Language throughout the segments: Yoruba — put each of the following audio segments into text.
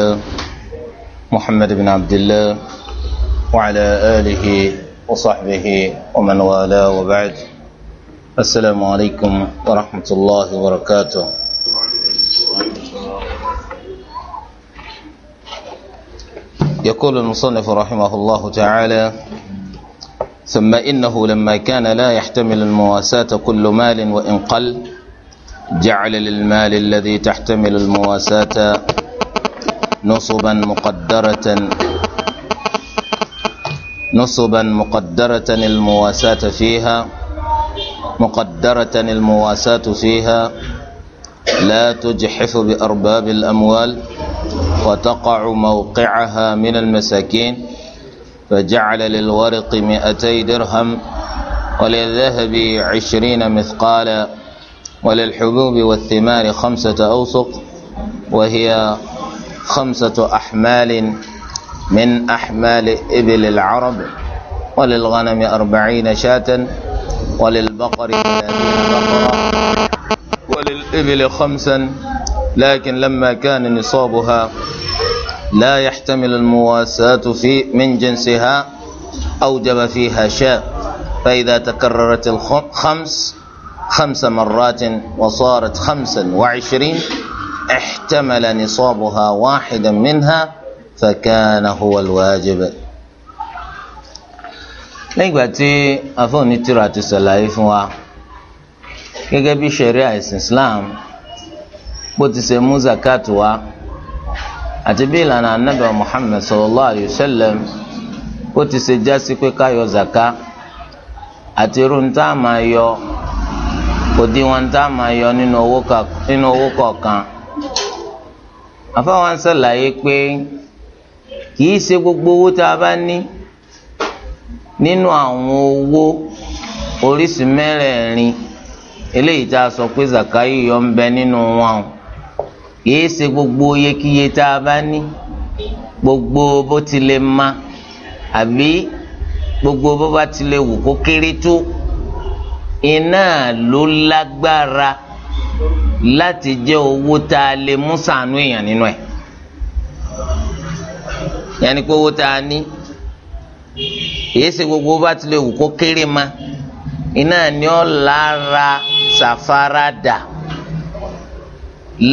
الله محمد بن عبد الله وعلى آله وصحبه ومن والاه وبعد السلام عليكم ورحمة الله وبركاته يقول المصنف رحمه الله تعالى ثم إنه لما كان لا يحتمل المواساة كل مال وإن قل جعل للمال الذي تحتمل المواساة نصبا مقدرة نصبا مقدرة المواساة فيها مقدرة المواساة فيها لا تجحف بأرباب الأموال وتقع موقعها من المساكين فجعل للورق مئتي درهم وللذهب عشرين مثقالا وللحبوب والثمار خمسة أوسق وهي خمسة أحمال من أحمال إبل العرب وللغنم أربعين شاة وللبقر ثلاثين بقرة وللإبل خمسا لكن لما كان نصابها لا يحتمل المواساة في من جنسها أوجب فيها شاة فإذا تكررت الخمس خمس مرات وصارت خمسا وعشرين احتمل نصابها واحدا منها فكان هو الواجب nígbà tí afọ́nitìrà ti ṣàlàyé fún wa gẹ́gẹ́ bí ṣẹ̀ríà ẹ̀sìn Islam bó ti ṣe mú zakat wá àti bí ìlànà anábì Muhammad sallallahu alayhi wa sallam bó ti ṣe já sí pé ká zaka àti irú níta máa yọ òdiwọ̀n níta máa yọ nínú owó kọ̀ọ̀kan. àfáwọn sọlàyé pé kì í ṣe gbogbo owó tá a bá ní nínú àwọn owó oríṣi mẹ́rẹ̀ẹ̀rin eléyìí tá a sọ pé zakayi yọ ń bẹ nínú wọn o kì í ṣe gbogbo oyekiye tá a bá ní gbogbo bó ti lè ma àbí gbogbo bó bá ti lè wò kó kéré tó iná ló lágbára. La láti jẹ́ owó tá a lè mú ṣàánú èèyàn nínú ẹ̀ yẹnni pé owó tá a ní èyí ṣe gbogbo bá ti lè wù kó kéré ma iná ni ó lára ṣàfaradà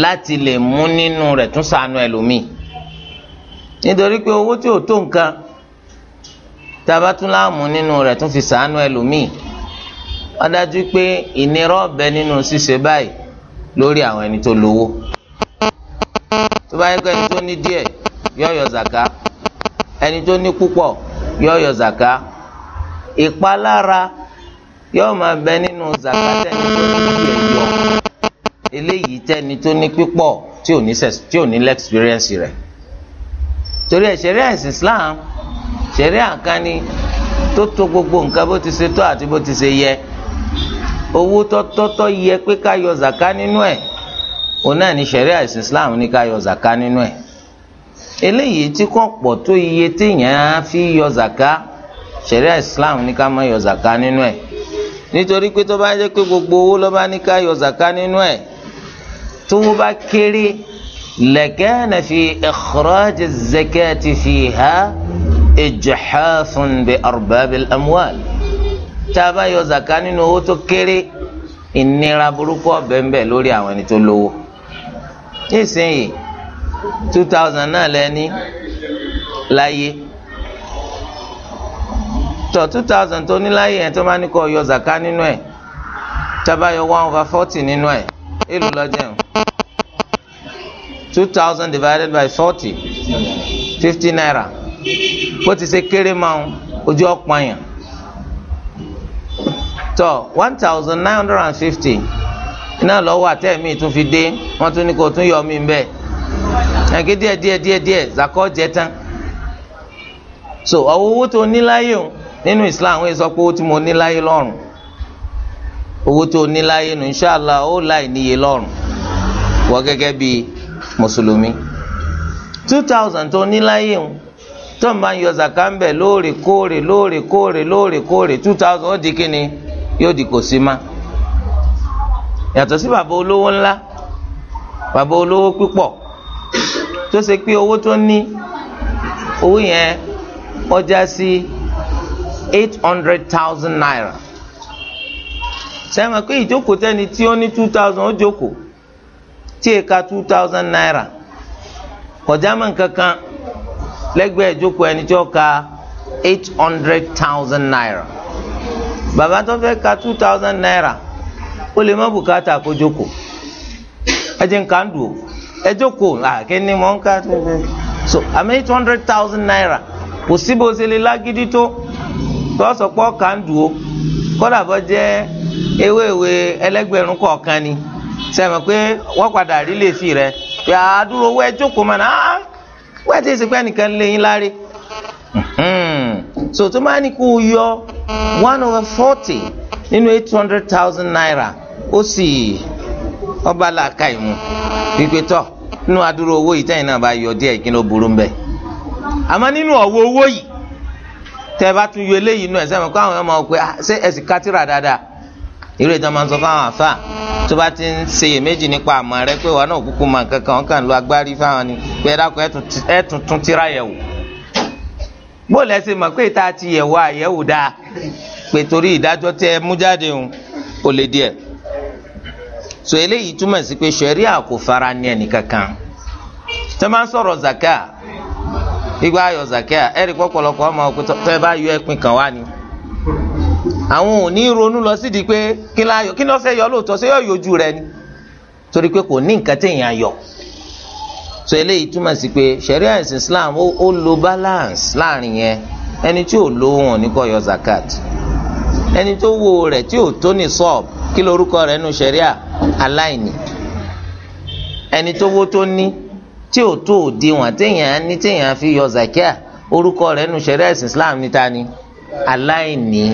láti lè mú nínú rẹ̀ tún ṣàánú ẹlòmíì nítorí pé owó tí ò tó nǹkan tá tún láàmú nínú rẹ̀ tún fi ṣàánú ẹlòmíì ó dájú pé ìnira ọ̀bẹ nínú ṣíṣe báyìí lórí àwọn ẹni tó lówó tó bá yẹ kó ẹni tó ní díẹ̀ yọ yọ zaka ẹni tó ní púpọ̀ yọ yọ zaka ìpalára yóò máa bẹ nínú zaka tẹni tó ní díẹ̀ yọ eléyìí tẹni tó ní púpọ̀ tí ò ní tí ò ní lẹ́kspíríẹ́nsì rẹ̀ torí ẹ̀ ṣẹ̀ríà ẹ̀sìn Islam ṣẹ̀ríà kan ni tó gbogbo nǹkan bó ti ṣe tó àti bó ti ṣe yẹ owó tọ́tọ́tọ́ yẹ pé ká yọ zaka nínú ẹ̀ òun náà ní ṣẹ̀ríà Islam ní ká yọ zaka nínú ẹ̀ eléyìí tí kò pọ̀ tó iye téèyàn á fi yọ zaka ṣẹ̀ríà Islam ní ká má yọ zaka nínú ẹ̀ nítorí pé tó bá jẹ́ pé gbogbo owó ló ní ká yọ zaka nínú ẹ̀ tó wọ́n bá kéré lakana fi ikhraj az-zakati fiha ijhafun bi arbabil amwal tá a bá yọ zaka nínú owó tó kéré ìnira burúkú ọbẹ̀ ń bẹ lórí àwọn ẹni tó lówó nísìnyí two thousand náà lẹ́ni láyé tọ̀ two thousand tó ní láyé yẹn tó máa ní kó yọ zaka nínú ẹ̀ tá a bá yọ one over forty nínú ẹ̀ èlò lọ́jọ́ two thousand divided by forty fifty naira bó ti ṣe kéré máa ojú ọ̀pọ̀ àyàn. tọ one thousand nine hundred and fifty iná lọ́wọ́ àtẹ̀mí tún fi dé wọ́n tún ní kó tún yọ mí bẹ́ẹ̀ ẹ̀kẹ́ díẹ̀ díẹ̀ díẹ̀ díẹ̀ zakọ́ jẹ tán so ọ̀wọ́ owó tó ní láyé o nínú Islam wọ́n sọ pé owó tí mo ní láyé lọ́rùn owó tó ní láyé nu inṣàlá ó láì níye lọ́rùn wọ́n gẹ́gẹ́ bí mùsùlùmí two thousand tó ní láyé o tó ń bá yọ zakambẹ̀ lóòrèkóòrè lóòrèkóòrè lóòrèkóòrè two thousand ó di kíni. yóò di kò ma yàtọ̀ sí bàbá olówó ńlá bàbá olówó púpọ̀ tó ṣe pé owó tó ní owó yẹn ọjà sí eight hundred naira sẹ́wọ̀n pé ìjókòó tẹ́ni tí ó ní two thousand ó jókòó tí èka two thousand naira kọjá mọ̀ nǹkankan lẹ́gbẹ̀ẹ́ ìjókòó ẹni tí ó ka eight hundred naira. bàbá tó fẹ́ ka two thousand naira ó lè má bùkátà kó jókòó ẹ jẹ́ nǹkan dùn ẹ jókòó àkíní mọ̀ nǹkan tó fẹ́ so àmì two hundred thousand naira kò sí bó ṣe lè lágídí tó tó sọ pé ọkà ń dùn ó kódà bọ́ jẹ́ ẹlẹ́gbẹ̀rún ni sẹ́mi pé wọ́n padà rí lè fi rẹ̀ pé àdúró owó ẹ jókòó mọ̀ náà ah, wẹ́ẹ́ tí ì sì pẹ́ nìkan lé yín Hmm. so tó máa ní kó yọ one over forty nínú eight hundred thousand naira ó sì ọba làákà ìmú tọ nínú adúrò owó yìí tẹ́yìn náà bá yọ díẹ̀ kí oburu burú mbẹ́ àmọ́ nínú ọ̀wọ́ owó yìí tẹ́ ẹ bá tún yọ eléyìí inú ẹ̀ sẹ́mi kó àwọn ọmọ pé ṣé ẹ sì kátìrà dáadáa máa ń sọ fáwọn tó bá ti ń nípa rẹ pé wọn náà kúkú máa kankan wọn kàn ni pé ẹ dákun ẹ bó lẹ́sẹ̀ mọ̀ pé tá a ti yẹ̀ wá àyẹ̀wò dáa pé torí ìdájọ́ tẹ ẹ mú jáde ń kò lè díẹ̀ so eléyìí túmọ̀ sí pé ṣẹ̀ríà kò fara ní ẹnìkankan tẹ́ máa ń sọ̀rọ̀ zaka gbígbá ayọ̀ zaka ẹ̀rí pọ̀pọ̀lọpọ̀ ọmọ ọkùn tẹ́ bá yọ ẹpin kan wá ni àwọn ò ní ronú lọ sídìí pé kí ni wọ́n fẹ́ yọ lóòótọ́ ṣé yọjú rẹ ni torí pé kò ní nǹkan téèyàn yọ so eléyìí túmọ̀ sí pé sharia ẹ̀sìn islam ó ó lo balance láàrin yẹn ẹni tí ò lówó wọn ní kó yọ zakat ẹni tó wo rẹ̀ tí ò tó ní sọ́ọ̀b kí lorúkọ rẹ̀ nu sharia aláìní ẹni tó wó tó ní tí ò tó òdiwọ̀n téèyàn ní téèyàn fi yọ zakia orúkọ rẹ̀ nu sharia ẹ̀sìn islam níta ni aláìní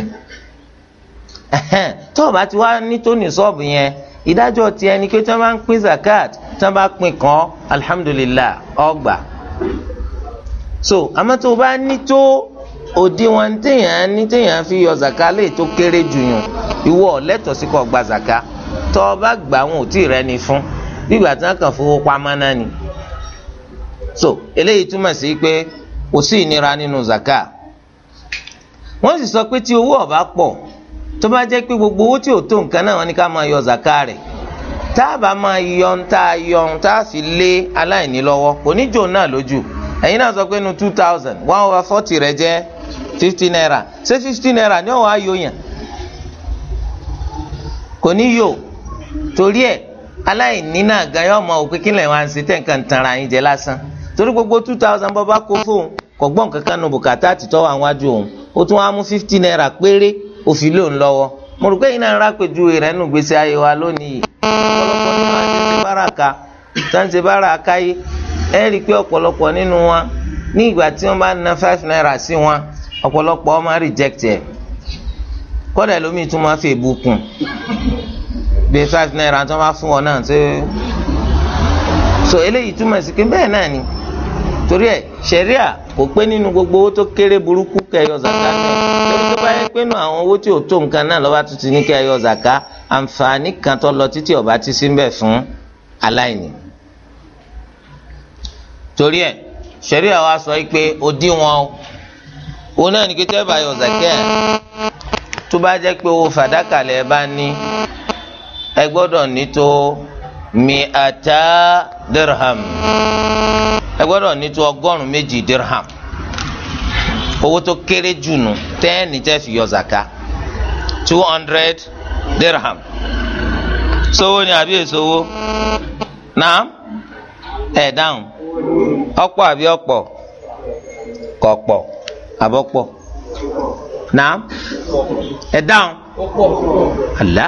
tó o bá ti wá ní tó ní sọ́ọ̀bù yẹn ìdájọ́ tiẹ̀ ni pé tí wọ́n máa ń pín zakat tí wọ́n bá pín kan alihamudulilayi ọgbà so àmọ́ tó o bá ní tó òdiwọ̀n téèyàn ní téèyàn fi yọ zaka lè tó kéré jù yàn ìwọ lẹ́tọ̀ọ́ sí kó gba zaka tó o bá gbà wọn ò tí ì rẹni fún bígbà tí wọ́n kàn fowó pamọ́ náà ni so eléyìí túmọ̀ sí pé kò sí ìnira nínú zaka wọ́n sì sọ pé tí owó ọ̀bá pọ̀ tó bá jẹ́ pé gbogbo owó tí ò tó nǹkan náà wọ́n ní ká máa yọ zaka rẹ̀ táàbà máa yọ ń tá a yọ tá a fi lé aláìní lọ́wọ́ kò ní jò náà lójú ẹ̀yin náà sọ pé nu two thousand one over forty rẹ jẹ́ fifty naira ṣé fifty naira ni ọ̀wọ́ ayò yàn kò ní yò torí ẹ̀ aláìní náà gan ọmọ òkè kílẹ̀ wá ń tẹ̀ǹkan lásán gbogbo two thousand kó kankan nu bùkátà àtìtọ́ wa wájú òun ó tún wá naira péré òfin lọ́wọ́ mo rò pé náà ọ̀pọ̀lọpọ̀ nínú àti ṣe báraka sáǹsẹ̀ báraka yìí ẹ rí i pé ọ̀pọ̀lọpọ̀ nínú wọn ní ìgbà tí bá na five naira sí wọn ọ̀pọ̀lọpọ̀ reject ẹ̀ kọ́dà lómi tún máa fi èbú kùn bí five naira tí wọ́n bá fún so eléyìí túmọ̀ sí torí ẹ ṣẹ̀ríà kò pé nínú gbogbo owó tó kéré burúkú kẹyọ zaka náà torí tó bá yẹ pé nù àwọn owó tí ò tó nǹkan náà lọ́ba tuntun ní kẹyọ zaka àǹfààní kan tó lọ títí ọba ti sí bẹ̀ fún aláìní. torí ẹ ṣẹ̀ríà wa sọ pé òdiwọ̀n o náà ní kíkẹ́ bá yọ zaka ẹ̀ tó bá jẹ́ pé owó fàdákà lẹ̀ bá ní ẹ gbọ́dọ̀ ní tó mi àtà dirham. ẹ gbọ́dọ̀ ní tó ọgọ́rùn méjì dirham owó tó kéré jù nù tẹ́ẹ̀nì tẹ́ fi yọ zaka two hundred dirham sowó ni àbí èsowó náà ẹ̀ dáhùn ọ̀pọ̀ àbí ọ̀pọ̀ kọ̀pọ̀ àbọ̀pọ̀ náà ẹ̀ dáhùn ala?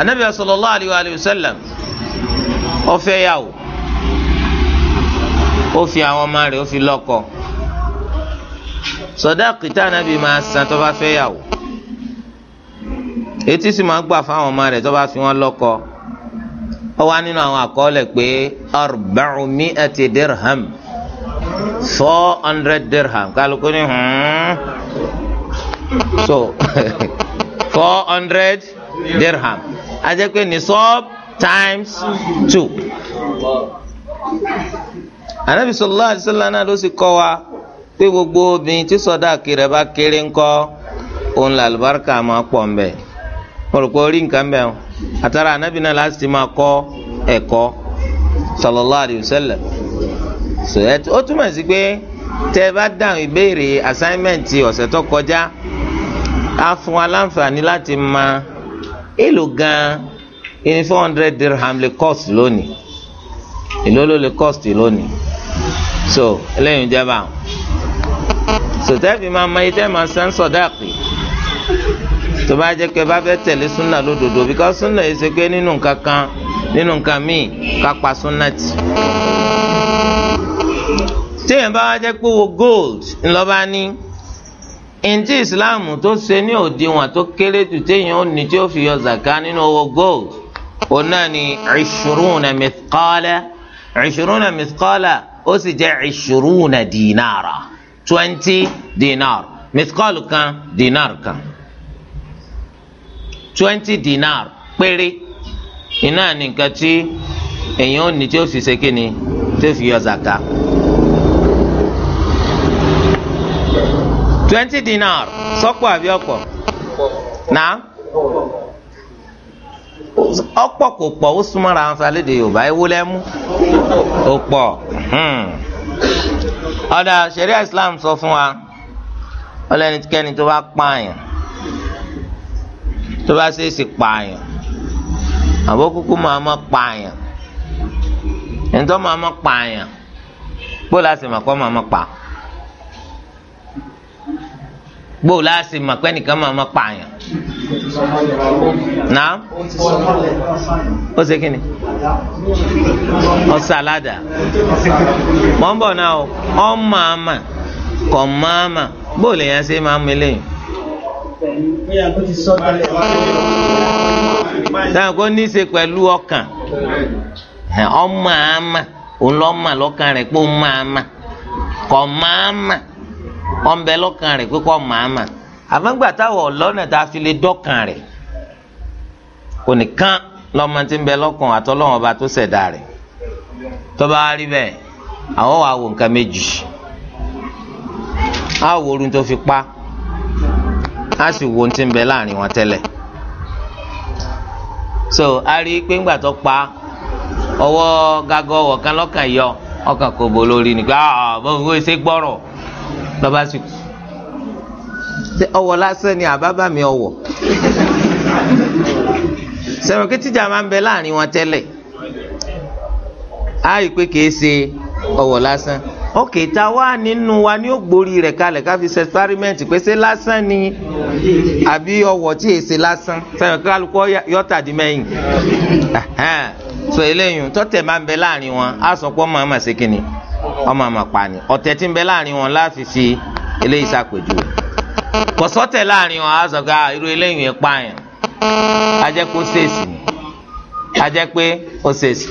anabi sallallahu alayhi wa sallam ó ó fi àwọn ọmọ rẹ̀ ó fi lọ́kọ sọdáàkì tá ànábì máa san tó bá fẹ́ yàwó etí sì máa gbà fáwọn ọmọ rẹ̀ tó bá fi wọ́n lọ́kọ ó wá nínú àwọn àkọọ́lẹ̀ pé arba'u mi'ati dirham four hundred dirham kálukú ni hmm. so four hundred dirham ajẹ́ pé sub times two anabi sallallahu alaihi wasallam náà ló sì kọ́ wa pé gbogbo obìnrin tí sọdáàkì rẹ̀ bá kéré ńkọ́ òun là lùbáríkà máa pọ̀ ńbẹ̀ mo rò pé orí nǹkan bẹ́ẹ̀ o àtàrà anabi náà láti ti máa kọ́ ẹ̀kọ́ sallallahu alaihi wasallam ó túmọ̀ sí pé tẹ́ ẹ bá dáhùn ìbéèrè assignment ọ̀sẹ̀ tó kọjá á fún wa láǹfààní láti máa èlò gan-an four hundred dirham lè cost lónìí èlò ló lè cost lónìí so eléyìí ń jẹba sọtẹ́ẹ̀fì máa ma yìí tẹ́ máa san sọ̀dáàkì tó bá jẹ́ pé bá fẹ́ tẹ̀lé súnà lódodo because súnà yìí ṣe pé nínú nǹkan kan nínú nǹkan míì ká pa súnà tì téèyàn bá wá jẹ́ pé wo gold ńlọ́ba ní ntí islam tó ṣe ní òdiwọ̀n tó kéré jù téèyàn ó ní tí ó fi yọ zaka nínú owó gold òun náà ní ìṣòro na mìtkọ́lá ìṣòro na mìtkọ́lá ó sì jẹ́ ìṣòrúnà dínàrà twenty dinar mithqal kan dinar kan twenty dinar péré iná ní nǹkan tí èèyàn ò ní tí ó fi ṣe kíni tí ó fi yọ zaka. twenty dinar sọ́pọ̀ àbí ọ̀pọ̀ náà ọ̀pọ̀ kò pọ̀ ó súnmọ́ra wọn sálẹ̀dẹ̀ yorùbá ewu lẹ́mú ó pọ̀ hmm. ọ̀dà ṣẹ̀ríà islam sọ fún wa ọlẹ́nikẹ́ni tó bá pààyàn tó bá ṣe é sì pààyàn àbó kúkú máa ma pààyàn ẹ̀ńtọ́ máa ma pààyàn gbó láti mà kọ́ máa ma pa gbó láti mà pẹ́ nìkan máa ma pààyàn Na o na osalaada. Ma ọ bọrọ na ọ ma ama ka ma ama bọọlụ ya nsị ma amụle ya. Na nkwa onye isi kwelu ọka, ọ ma ama, ụlọ ọma lọkarị kpọm ma ama, ka ọ ma ama, ọbụla ọkarị kpọm ma ama. àmọ́ gbà táwọn ọlọ́nà tá a fi lè dọ́kàn rẹ̀ kò nìkan lọ́mọ tí ń bẹ lọ́kàn àtọ́lọ́wọ́n ọba tó ṣẹ̀dá rẹ̀ tó bá rí bẹ́ẹ̀ àwọn wà wò nǹkan méjì á wò orun tó fi pa á sì wo tí ń bẹ láàrin wọn tẹ́lẹ̀ so a rí i pé ńgbà tó pa ọwọ́ gágọ́ ọ̀kan lọ́kàn yọ ọkàn kò bò lórí nígbà ah, bó ń ṣe gbọ́rọ̀ lọ́ba sì kú ọwọ́ lásán ni àbábà mi ọwọ́ sẹ̀wọ̀n kí tíjà máa ń bẹ láàrin wọn tẹ́lẹ̀ á rí i pé kìí ṣe ọwọ́ lásán ok ta wá nínú wa ní ògbórí rẹ̀ kalẹ̀ ká fi ṣe experiment pé ṣé lásán ni àbí ọwọ́ tí èsè lásán sẹ̀wọ̀n kálukú yọ̀tàdí mẹ́yìn so eléyìí tọ́tẹ̀ máa ń bẹ láàrin wọn á sọ pé ọmọ àmà ṣe kínni ọmọ àmà pa ni ọ̀tẹ̀ tí ń bẹ láàrin wọn láàfin fi eléyìí ṣàpèjúwe. kọsọtẹ láàrin wọn á sọ ah, irú eléyìí ń pààyàn á jẹ́ pé ó ṣèṣì á pé ó ṣèṣì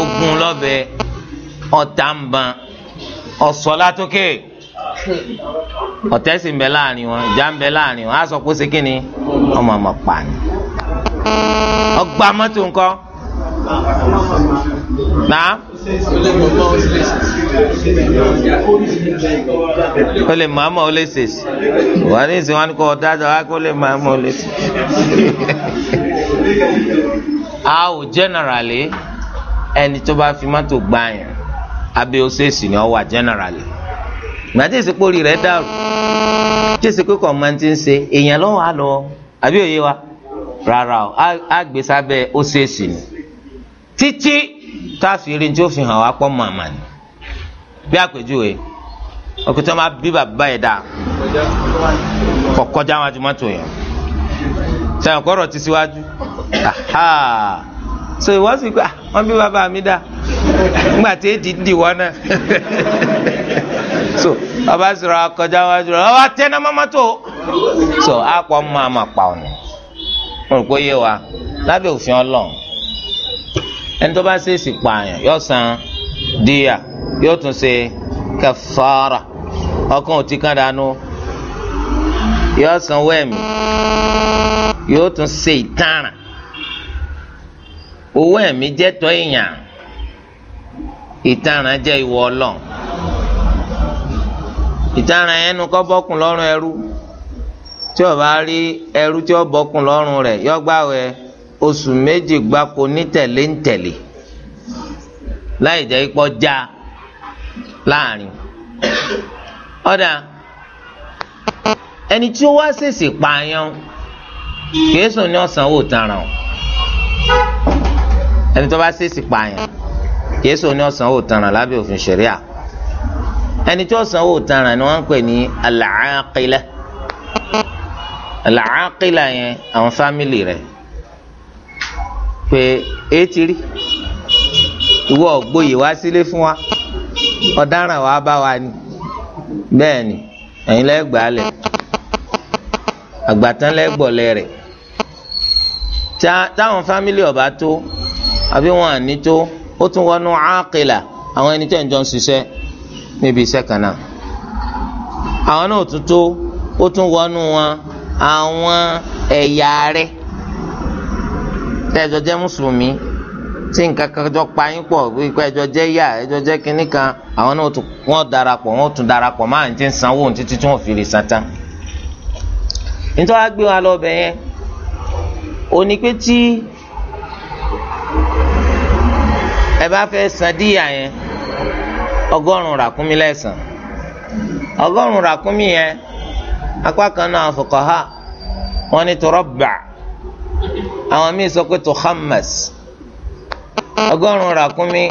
ogun lọ́bẹ̀ ọ̀tá ń láàrin wọn ìjà láàrin wọn á sọ pé ó lè mọ o ó lè ṣèṣì wà ní ìsìn wọn kọ́ ọ̀dájọ́ mọ generally ẹni tó bá fi mọ́tò gbá yẹn ni wà generally gbàtí ìsìnkórì rẹ̀ dàrú tí ìsìnkórì kan máa ti ń ṣe èèyàn lọ́wọ́ àbí òye wa rárá o táàfin rí tí ó fi hàn wá pọ́ màmá ni bí àpèjúwe ọkùnrin tí wọ́n máa bí bàbá yẹn dáa kọ̀ kọjá wọn ju mọ́tò yẹn sẹ́yìn kọ́rọ̀ ti síwájú so ìwọ sì gbà ah, wọ́n bí bàbá mi dáa nígbà tí èdè ń dìwọ́ náà so ọba sọ̀rọ̀ akọjá wájú rẹ̀ ọba tẹ́ ná mọ́tò so àpọ̀ mọ́ àmàpà ọ̀nà mo rò pé yé wa lábẹ́ òfin ọlọ́run. ẹni tó bá ṣèèṣì pààyàn yóò san díyà yóò tún ṣe kẹfàárà ọkàn ò ti kán dànù yóò sanwó ẹ̀mí yóò tún ṣe ìtaràn owó ẹ̀mí jẹ́ tọ́ èèyàn ìtaràn jẹ́ ìwọ ọlọ́run ìtaràn ẹnu kọ́ bọ́kùn lọ́rùn ẹrú tí ó bá rí ẹrú tí bọ́kùn lọ́rùn oṣù méjì gbáko ní tẹ̀lé ń tẹ̀lé láì jẹ́ ipò já láàrin ọ̀dà ẹni tí ó wá ṣèṣì pààyàn kèésùn ni ọ̀sán wò tanràn ẹni tó bá ṣèṣì pààyàn kèésùn ni ọ̀sán wò tanràn lábẹ́ òfin ṣẹ̀ríà ẹni tí ọ̀sán tanràn ni wọ́n ń pè ní al-aaqila yẹn àwọn fámìlì rẹ̀ pé etí rí ìwọ ògbóyè wá sílé fún wa ọ̀daràn wa bá wa ni bẹ́ẹ̀ ni ẹ̀yin lẹ́gbàá lẹ̀ àgbàtàn lẹ́gbọ̀lẹ́ rẹ̀ táwọn fámìlì ọba tó àbí wọn àní tó ó tún wọnú áàkìlà àwọn ẹni tẹ́ ń jọ ń ṣiṣẹ́ níbi iṣẹ́ kan náà àwọn náà tún tó ó tún wọnú wọn àwọn ẹ̀yà rẹ̀ tẹ́jọ jẹ́ mùsùlùmí tí nǹkan kan jọ pa yín pọ wípé ẹjọ jẹ́ yá ẹjọ jẹ́ kínní kan àwọn náà wọ́n darapọ̀ wọ́n tún darapọ̀ máa ń ti ń sanwó ohun títí tí wọ́n fi lè san tán. nítorí wàá gbé wa lọ ọbẹ̀ yẹn òní pé tí ẹ bá fẹ́ san díyà yẹn ọgọ́rùn-ún ràkúnmí lẹ́sàn ọgọ́rùn-ún ràkúnmí yẹn apá kan náà fuqaha wọ́n ní turabba' àwọn míì sọ pé tó hamas ọgọ́rùn-ún ràkúnmí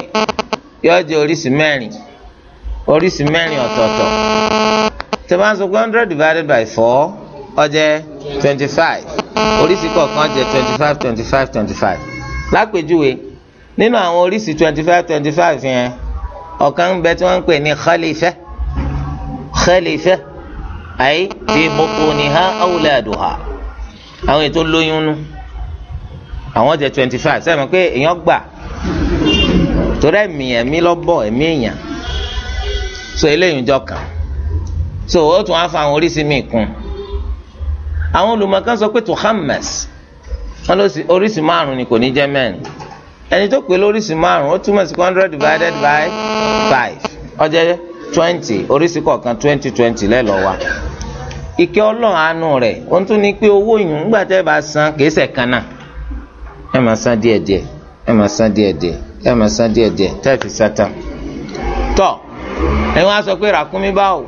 yóò jẹ́ oríṣi mẹ́rin oríṣi mẹ́rin ọ̀tọ̀ọ̀tọ̀ tó bá ń sọ pé hundred divided by four ó jẹ́ twenty five oríṣi kọ̀ọ̀kan jẹ́ twenty five twenty five twenty five lápèjúwe nínú àwọn oríṣi twenty five twenty five yẹn ọ̀kan ń bẹ tí wọ́n ń pè ní khalifa khalifa ayi fi butuniha awladuha àwọn ètò lóyún nù. No àwọn jẹ twenty five sẹ́mi pé èèyàn gbà torí ẹ̀mí ẹ̀mí lọ́bọ̀ ẹ̀mí èèyàn so eléyìí jọ kàn so ó tún á fa àwọn oríṣi míì kún àwọn olùmọ̀kan sọ pé tuhamas wọn lọ sí oríṣi márùn ni kò ní jẹ́ mẹ́rin ẹni tó pè lóríṣi márùn ó túmọ̀ sí hundred divided by five ó jẹ́ twenty oríṣi kọ̀ọ̀kan twenty twenty lẹ́lọ́wà ike ọlọ́run àánú rẹ̀ ó tún ní pé owó yìí ńgbà tẹ́ bá san kìí ṣe kan náà ẹ máa san díẹ̀ díẹ̀ ẹ máa san díẹ̀ díẹ̀ ẹ máa san díẹ̀ díẹ̀ tẹ́ẹ̀fì sátá tọ́ ẹ wá sọ pé ràkúnmí báwo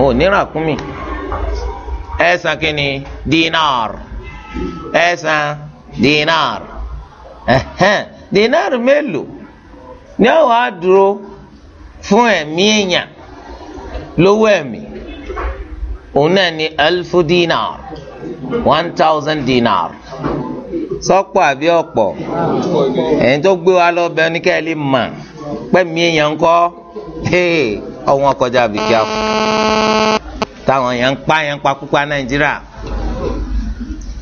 ò ní ràkúnmí ẹ san kí dinar ẹ san dinar ẹhẹn dinar mélòó ní àwọn àdúró fún ẹ̀mí èèyàn lówó ẹ̀mí òun náà ni alfu dinar one thousand dinar sọ́pọ̀ àbí ọ̀pọ̀ ẹ̀yin tó gbé wa lọ bẹ ní ká ẹ lè mà pẹ́mi èèyàn kọ́ ọ̀wọ́n kọjá àbíkíá kù táwọn èèyàn ń pa èèyàn pa púpà Nàìjíríà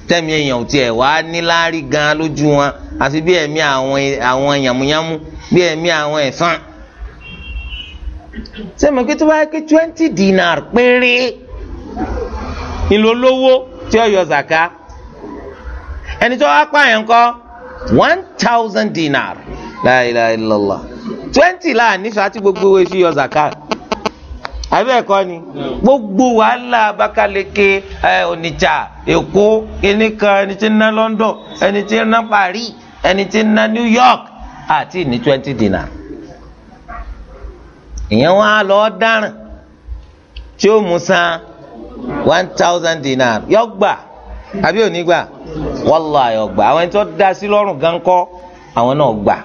tẹ́mi èèyàn ò tiẹ̀ wá níláárí gan lójú wọn àti bí ẹ̀mí àwọn yàmúyámú bí ẹ̀mí àwọn ẹ̀sán sẹ́mi pé tó bá yẹ kí twenty dinar péré ìlú olówó tí ó yọ zaka ẹni tó wá pààyàn kọ́ one thousand dinar la ilaha twenty láàánú sàtì gbogbo owó ìfi yọ zakat àbí ẹ̀kọ́ ni gbogbo wàhálà abakaleke ẹ Onitsha Èkó ẹni kan ẹni tí ń ná London ẹni tí ń ná Paris ẹni tí ń ná New York àti ní twenty dinar ìyẹn wọn á lọ dáràn tí ó mú san one thousand dinar yọ àbí ò ní gbà wàláhì ó gbà àwọn ẹni tó dá sí lọ́rùn gan kọ́ àwọn náà gbà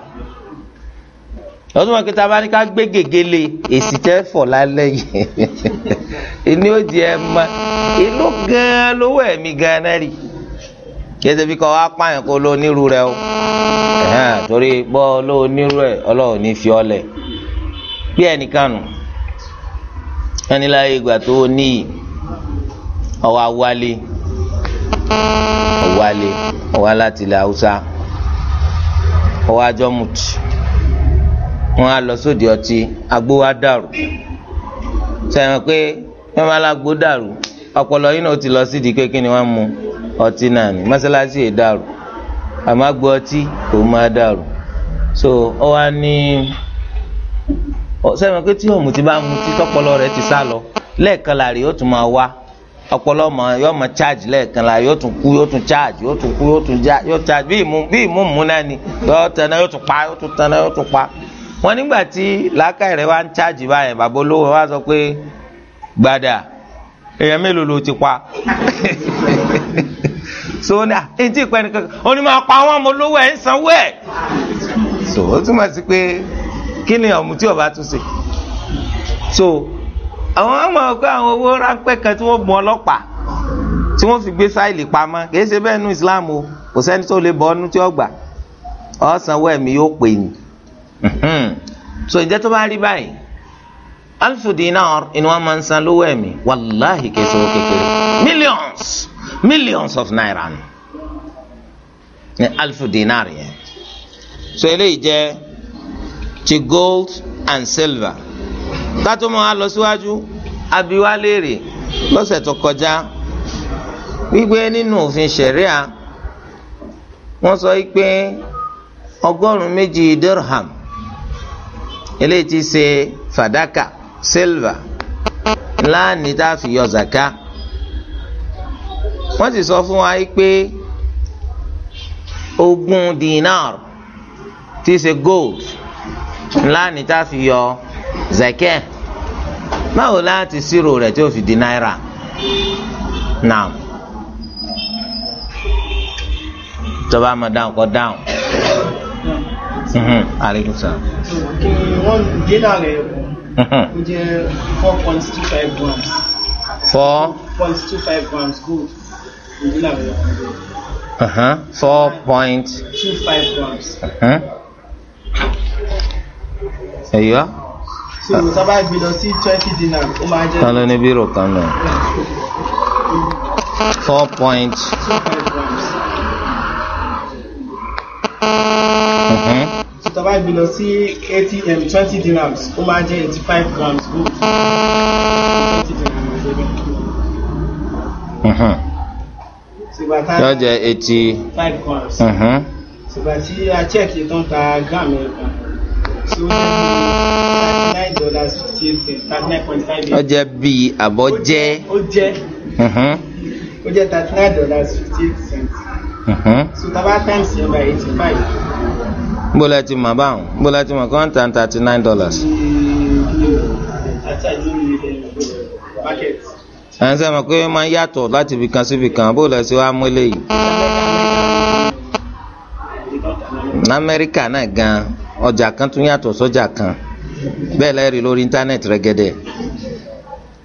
lọ́dún wọn kíta bá ní ká gbé gègéle èsì tẹ́ fọ̀ lálẹ́ yìí inú ó di ẹ ma inú gan-an lówó ẹ̀mí gan-an náà rí kéde bí kò wá pààyàn kó ló nírú rẹ o torí bọ́ ló nírú ẹ ọlọ́run ní fi ọlẹ̀ bí ẹnìkan nù ẹni láyé ìgbà tó níyì ọwọ́ awálé ọ̀wálé ọ̀wá láti ilẹ̀ haúsá ọ̀wá jọ́mùtì wọn á lọ sóde ọtí agbó wa dàrú sẹ́yìn pé wọ́n máa lágbó dàrú ọpọlọ yìí náà ti lọ sí di kékeré wọn mú ọtí náà ní mọ́sálásí yìí dàrú àmọ́ agbó ọtí kò máa dàrú so ọ wá ní sẹ́yìn pé tí òmùtí bá mutí tọpọlọ rẹ̀ ti sá lọ lẹ́ẹ̀kan láàrin ó tún máa wá ọpọlọ ọmọ yóò máa charge lẹ́ẹ̀kan la yóò tún kú yóò tún charge yóò tún kú yóò tún já yóò charge bí ìmú bí ìmú mú náà ni yóò tẹná yóò tún pa yóò tún tẹná yóò tún pa wọn nígbà tí làákàyè rẹ wá ń charge báyẹn bàbá olówó wá sọ pé gbàdà èèyàn mélòó ló ti pa so ní àtẹ̀tí ah, ìpẹ́ nìkan ó ní máa pa àwọn ọmọ olówó ẹ̀ ń sanwó ẹ̀ so ó túmọ̀ sí pé kí ni ọ̀mùtí ọba tún ṣe so àwọn àmọ́ pé àwọn owó ráńpẹ́ kan tí wọ́n mú ọlọ́pàá tí wọ́n fi gbé fáìlì pamọ́ kìí ṣe bẹ́ẹ̀ nu Islam o kò sẹ́ni tó lè bọ́ ọ́nú tí ó gbà ọ̀sánwó ẹ̀mí yóò pè ní. Hmm. so ìjẹ́ tó bá rí báyìí alfu ni wọ́n máa ń san lówó ẹ̀mí wàláhì kẹsàn-án kékeré millions millions of naira ni alfu dinar yẹn so eléyìí jẹ́ ti gold and silver kátó mọ́ a lọ síwájú abiwá léèrè lọ́sẹ̀ tó kọjá wípé nínú òfin ṣẹ̀ríà wọ́n sọ pé ọgọ́rùn méjì dirham eléyìí ti ṣe fàdákà silver láàánú tá a fi yọ zaka wọ́n sì sọ fún wa pé ogún dinar ti ṣe gold láàánú tá a fi yọ zakat báwo láti ṣírò rẹ̀ tí ó fi di náírà náà tọba ma dáhùn kọ dáhùn mhm. aleykum salaam. wọ́n gínà rẹ̀ mhm. ó jẹ́ four point two five grams. four point two five grams gold gínà rẹ̀ ó jẹ́. Uh-huh. four point two five grams. ẹ̀yọ́. Uh -huh so sábà gbé lọ sí turkey dinner ó máa jẹ́. tán ní bírò kan náà four point. Mhm. tọ́ba gbé lọ sí atm twenty dinars. ó máa mhm. jẹ́ eighty five grams gold twenty dirhams eighty. five grams. ṣùgbọ́n tí a check yìí tó ń ta gram yẹn kan tí ó ní thirty-nine dollars fifty thirty-nine àbọ̀ jẹ́. ó jẹ́ ó jẹ́ thirty-nine dollars fifty-eight cents. so taba times yẹn by eighty-five. gbọ́dọ̀ ti mọ̀ báwọn gbọ́dọ̀ ti ma kàn tán thirty-nine dollars. ẹ̀ ń sẹ́ mi pé máa yàtọ̀ láti ibìkan sí ibìkan bó lọ sí wa mú eléyìí. n'Amẹ́ríkà náà gan-an ọjà kan tún yàtọ̀ sọ́jà kan bẹ́ẹ̀ lẹ́rì lórí íńtánẹ́ẹ̀tì rẹ́gẹ́dẹ́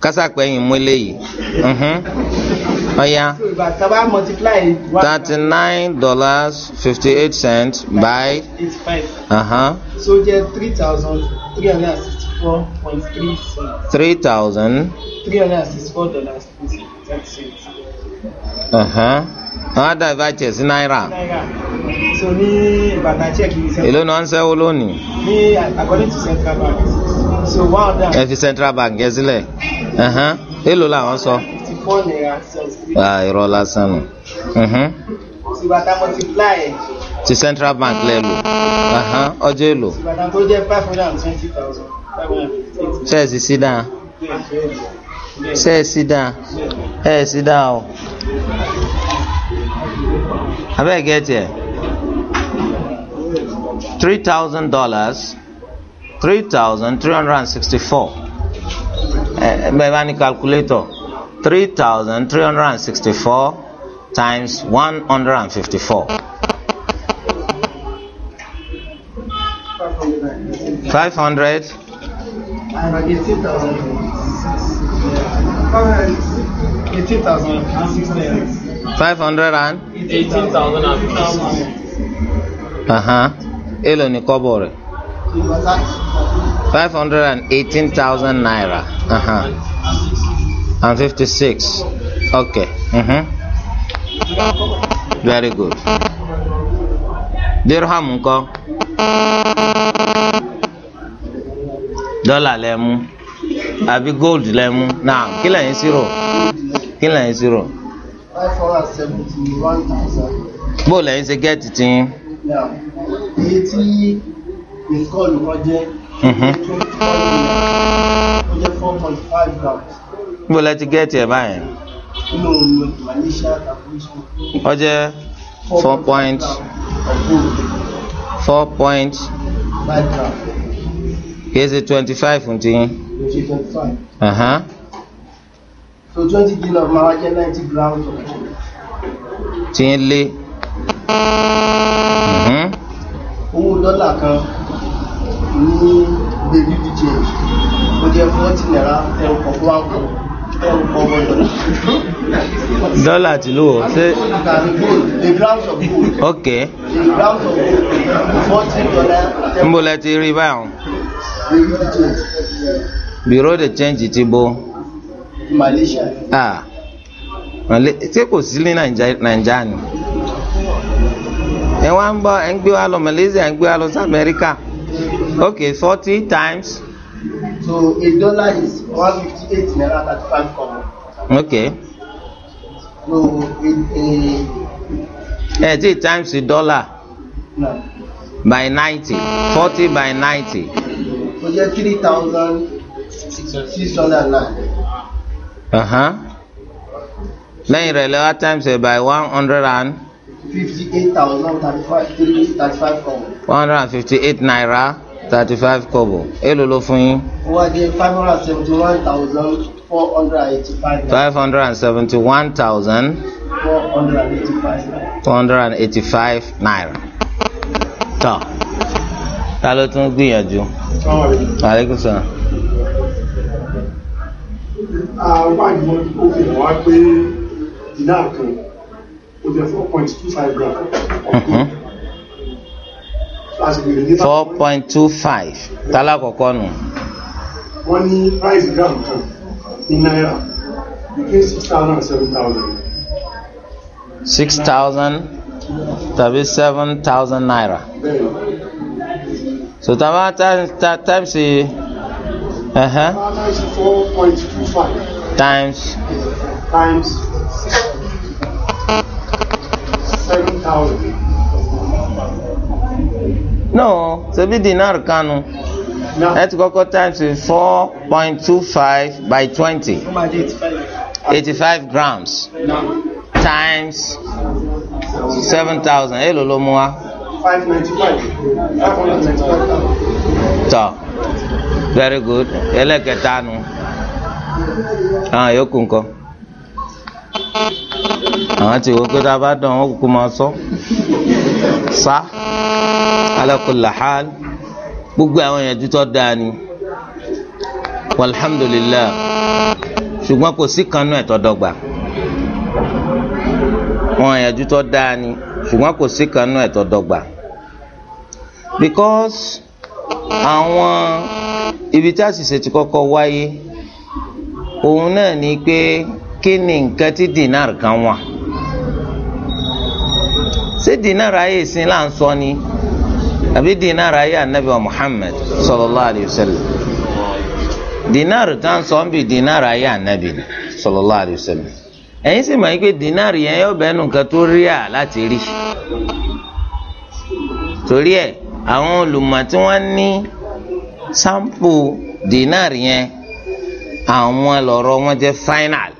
kásápẹ́ yìí mú eléyìí ọ̀ya thirty nine dollars fifty eight cents by so jẹ́ three thousand three hundred and sixty four point three cents. three thousand three hundred and sixty four dollars and ten cents. wọ́n á dá ìbájẹ́ sí náírà. náírà so ní ìbàdàn check yìí. èló náà ń sẹ́wó lónìí. ní according to central bank so one hundred. ẹ fi central bank gẹ sílẹ̀ èló làwọn sọ. fifty four naira seventy. irọ́ lásán nù. ìbàdàn multiply ti central bank lẹ lò ọjọ́ èlò. ìbàdàn tó jẹ́ five hundred and twenty thousand. ṣẹ́ẹ̀sì sí dáa ṣẹ́ẹ̀sì dáa ẹ̀ẹ́sì dáa o abẹ́ẹ̀ gẹ́tì ẹ̀. three thousand dollars three thousand three hundred and sixty-four eh, calculator three thousand three hundred and sixty-four times one hundred and fifty-four. five hundred. Five hundred and fifty-four. Five hundred. Eighteen thousand. Five hundred and. Eighteen thousand. uh huh. Elo ni kọ́bọ̀ 518000 five hundred and eighteen naira and fifty six okay mhm. very good dirham ńkọ́ dọ́là lẹ́mú àbí gold lẹ́mú náà kila lẹ́yìn sírò kí lẹ́yìn sírò. five hundred èyí tí ìkọlù wọn jẹ́ ó mhm. jẹ́ four point five grams. níbo lẹ ti gẹ́ẹ̀tì ẹ̀ báyìí. inú omi malaysia calculation. ó jẹ́ four point four point five grams. kì í ṣe twenty five ntí. kì í ṣe twenty five. so twenty kilo máa wá jẹ́ ninety grams of sugar. tí ń lé. Mm-hmm. owó dọ́là kan ní baby dj ó jẹ́ fọ́tí náírà ẹ̀rùkọ̀ fún àpò ẹ̀rùkọ̀ ọmọ dọ́là. dọ́là ti ló wọ̀ ṣé. the grams of gold. ok. the grams of gold fọ́tí dọ́là. ń bọ̀ ti rí báyìí. baby dj. bureau de change ti bo Malaysia. ah ṣé kò sí ní nàìjíríà ni. ẹ wá ń bọ̀ ẹ ń gbé wa lọ Malaysia ẹ ń gbé wa lọ sí America okay forty times. so a dollar is one fifty eight naira thirty five kobo. okay. so a a. ẹ ti times the dollar. No. by ninety forty by ninety. ó jẹ́ three thousand six hundred and nine. lẹ́yìn rẹ̀ lọ́wọ́ times by one hundred and fifty-eight thousand thirty-five three thirty-five kobo. one hundred and fifty-eight naira thirty-five kobo èló ló fún yín. ó di five hundred and seventy-one thousand four hundred and eighty-five. five hundred and seventy-one thousand. four hundred and eighty-five. four hundred and eighty-five naira. tọ́ ta ló tún gbìyànjú. aleykum salaam. àwọn àgbọn òfin wá pé dínà kan ó jẹ́ four point two five mhm. four point two five tálákọ̀ọ́kọ́ nù. wọ́n ní price gram kan ní náírà between six thousand and seven thousand. six thousand tàbí seven thousand naira. so tàbá times uh-huh. times four point two five. times. times no ṣebí dinar kanu ẹ ti kọ́kọ́ times with four point two five by twenty eighty five grams times seven thousand èló ló mú wa. five ninety five five hundred ninety five thousand. tọ very good ẹlẹ́kẹ̀ta nu àwọn yòókù nǹkan àwọn ti wo pé tá a bá dán wọn kúkú máa sọ sá alákòlàhálì gbogbo àwọn ìyànjú tó dáa ni walhamdulilayi ṣùgbọ́n kò sí kanú ẹ̀ tó dọ́gba wọn ìyànjú tó dáa ni ṣùgbọ́n kò sí kanú ẹ̀ dọ́gba because àwọn ibi tí àṣìṣe ti kọ́kọ́ wáyé òun náà ni pé. Pe kí ni nǹkan tí dinar kan wà ṣé dinar ayé ìsìn là ń sọ ni àbí dinar ayé anabi wa Muhammad sallallahu alayhi wa sallam dinar tán sọ ń bi dinar ayé anabi sallallahu alayhi wa sallam ẹ̀yin sì mọ̀ pé dinar yẹn yóò bẹ́ẹ̀ nǹkan tó rí à láti rí torí ẹ̀ àwọn olùmọ̀ tí wọ́n ní sampo dinar yẹn àwọn lọ́rọ̀ wọn jẹ́ final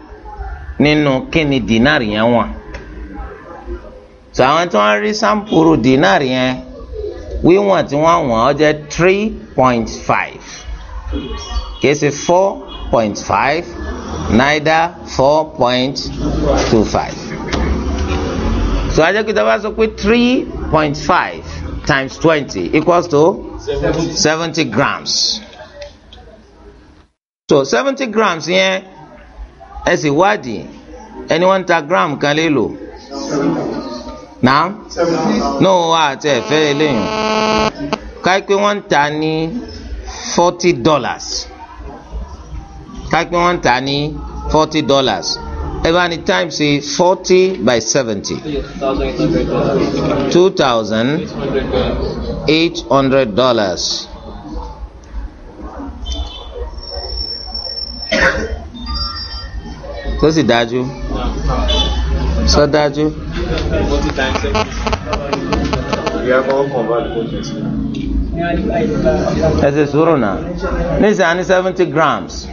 nínú kíni dínárì yẹn wọ̀n so àwọn tí wọ́n rí sampuru dínárì yẹn wíwọ̀n tí wọ́n wọ̀n ó jẹ́ three point five kìí ṣe four point five neither four point two five so ajẹ́kìtà bá sọ pé three point five times twenty equals to seventy grams so seventy grams yẹn. Yeah, ẹ sì wádìí ẹni wọ́n ń ta gram kan lélo náà náà wà àti ẹ̀fẹ́ eléyìí káyipẹ́ wọ́n ń ta ní forty dollars káyipẹ́ wọ́n ń ta ní forty dollars ebani times say forty by seventy two thousand eight hundred dollars tó sì dájú sọ dájú. ẹ ṣe sùúrù náà nísìnyí a ní seventy grams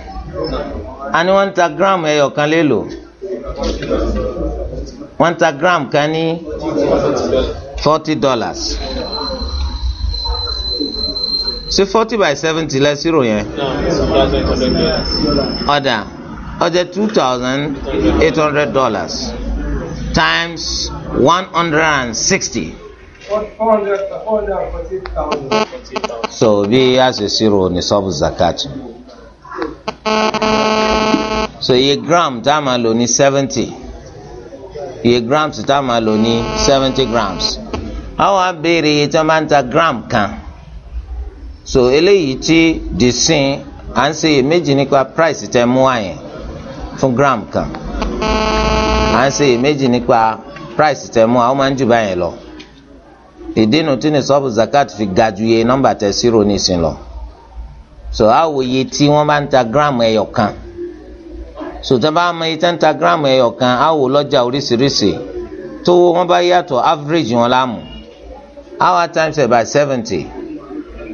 a ní one ta gram ẹyọ kan lélo one ta gram kan ní forty dollars ṣe forty by seventy lẹ́sìrò yẹn ọ̀dà. Yeah ó two thousand eight hundred dollars times one hundred and sixty. so bí a ṣe ṣírò zakat so iye gram tá a máa lò ní seventy iye grams tá a máa lò ní seventy grams àwọn abéèrè iye tí wọ́n máa ń ta gram kan so eléyìí tí dìsín à ń ṣe iyèméjì nípa price tẹ mú àyẹn fún gram kan à ń ṣe èméjì nípa price tẹ mú àwọn máa ń jù báyẹn lọ ìdínú tí ní sọ́ọ̀bù zakat fi ga ju iye nọ́mbà tẹ sírò nísìn lọ so àwò iye tí wọ́n bá ń ta gram ẹyọ kan so tí wọ́n bá mọ iye tí wọ́n ń ta gram ẹyọ kan àwò lọ́jà oríṣiríṣi tó wọ́n bá yàtọ̀ average wọn láàmú hour times ẹ̀ by seventy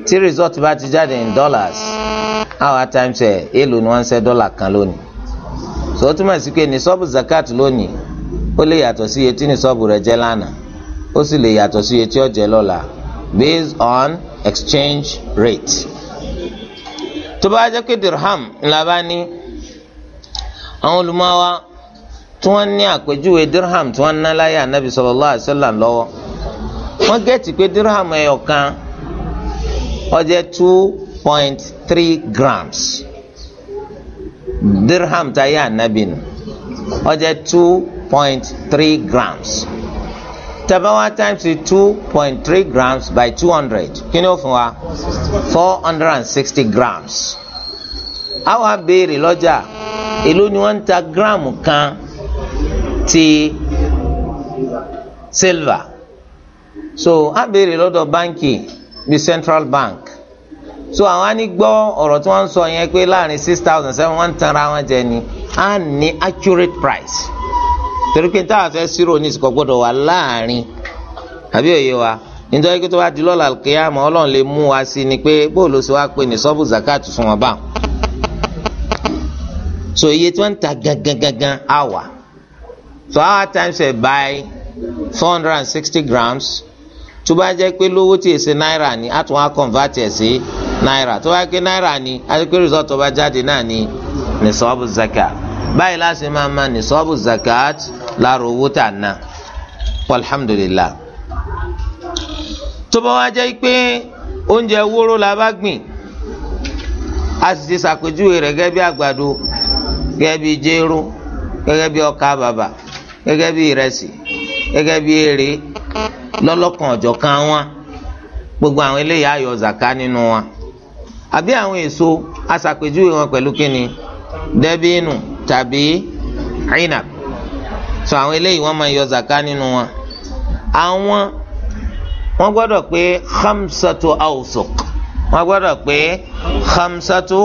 tí result bá ti jáde in dollars hour times ẹ̀ èlò ni wọ́n ń ṣe dọ́là kan lónìí sọ túmọ̀ sí pé nisọ́bù zakat lónìí ó lè yàtọ̀ sí iye tí nisọ́bù rẹ̀ jẹ́ lánàá ó sì lè yàtọ̀ sí iye tí ó jẹ́ lọ́la based on exchange rate tó bá jẹ́ pé dirham ńlá bá ní àwọn olùmọ̀wá tí wọ́n ní àpèjúwe dirham tí wọ́n ná láyé anabi sallallahu alaihi wasallam lọ́wọ́ wọ́n gẹ̀ẹ́tì pé dirham ẹyọ kan ó jẹ́ two point three grams dirham táyé ànábì nù ó jẹ́ two point three grams tabawa times two point three grams by two hundred kí ni ó fún wa four hundred and sixty grams. àwa béèrè lọ́jà èló ni wọ́n ń ta gíráàmù kan ti silver so a béèrè lọ́dọ̀ báńkì bí Central Bank so àwọn á ní gbọ́ ọ̀rọ̀ tí wọ́n ń sọ yẹn pé láàrin six thousand seven wọ́n ń tanra wọn jẹ ni á ní accurate price torí pé táwọn afẹ́ sírò ní ìsìnkọ́ gbọ́dọ̀ wà láàrin àbí òye wa nítorí pé tó bá di lọ́la kéyàmọ́ ọlọ́run lè mú wa sí ni pé bóòlù sí wa pé ní sọ́ọ̀bù zakat fún wọn báwọn so iye tí wọ́n ń ta gangan gangan hour. so our times ẹ̀ buy four hundred and sixty grams tó bá jẹ́ pé lówó tí èsè náírà ni a tún wá convert ẹ̀ sí náírà tó bá a ti pé result ni zakat báyìí láti máa ma nisabu zakat lára owó tà ná alhamdulilah tó bá wá jẹ́ pé oúnjẹ wóró la bá gbìn a sì ti ṣàpèjúwe rẹ̀ gẹ́gẹ́ bí àgbàdo gẹ́gẹ́ bí jéró gẹ́gẹ́ bí ọkà bàbà gẹ́gẹ́ bí ìrẹsì gẹ́gẹ́ lọ́lọ́kan ọ̀jọ̀kan wọn gbogbo àwọn eléyìí ayọ̀ zaka nínú wọn àbí àwọn èso aṣàpèjúwe wọn pẹ̀lú kíni dẹ́bínù tàbí inab so àwọn eléyìí wọ́n máa yọ zaka nínú wọn àwọn wọ́n gbọ́dọ̀ pé khamsatu awsuk wọ́n gbọ́dọ̀ pé khamsatu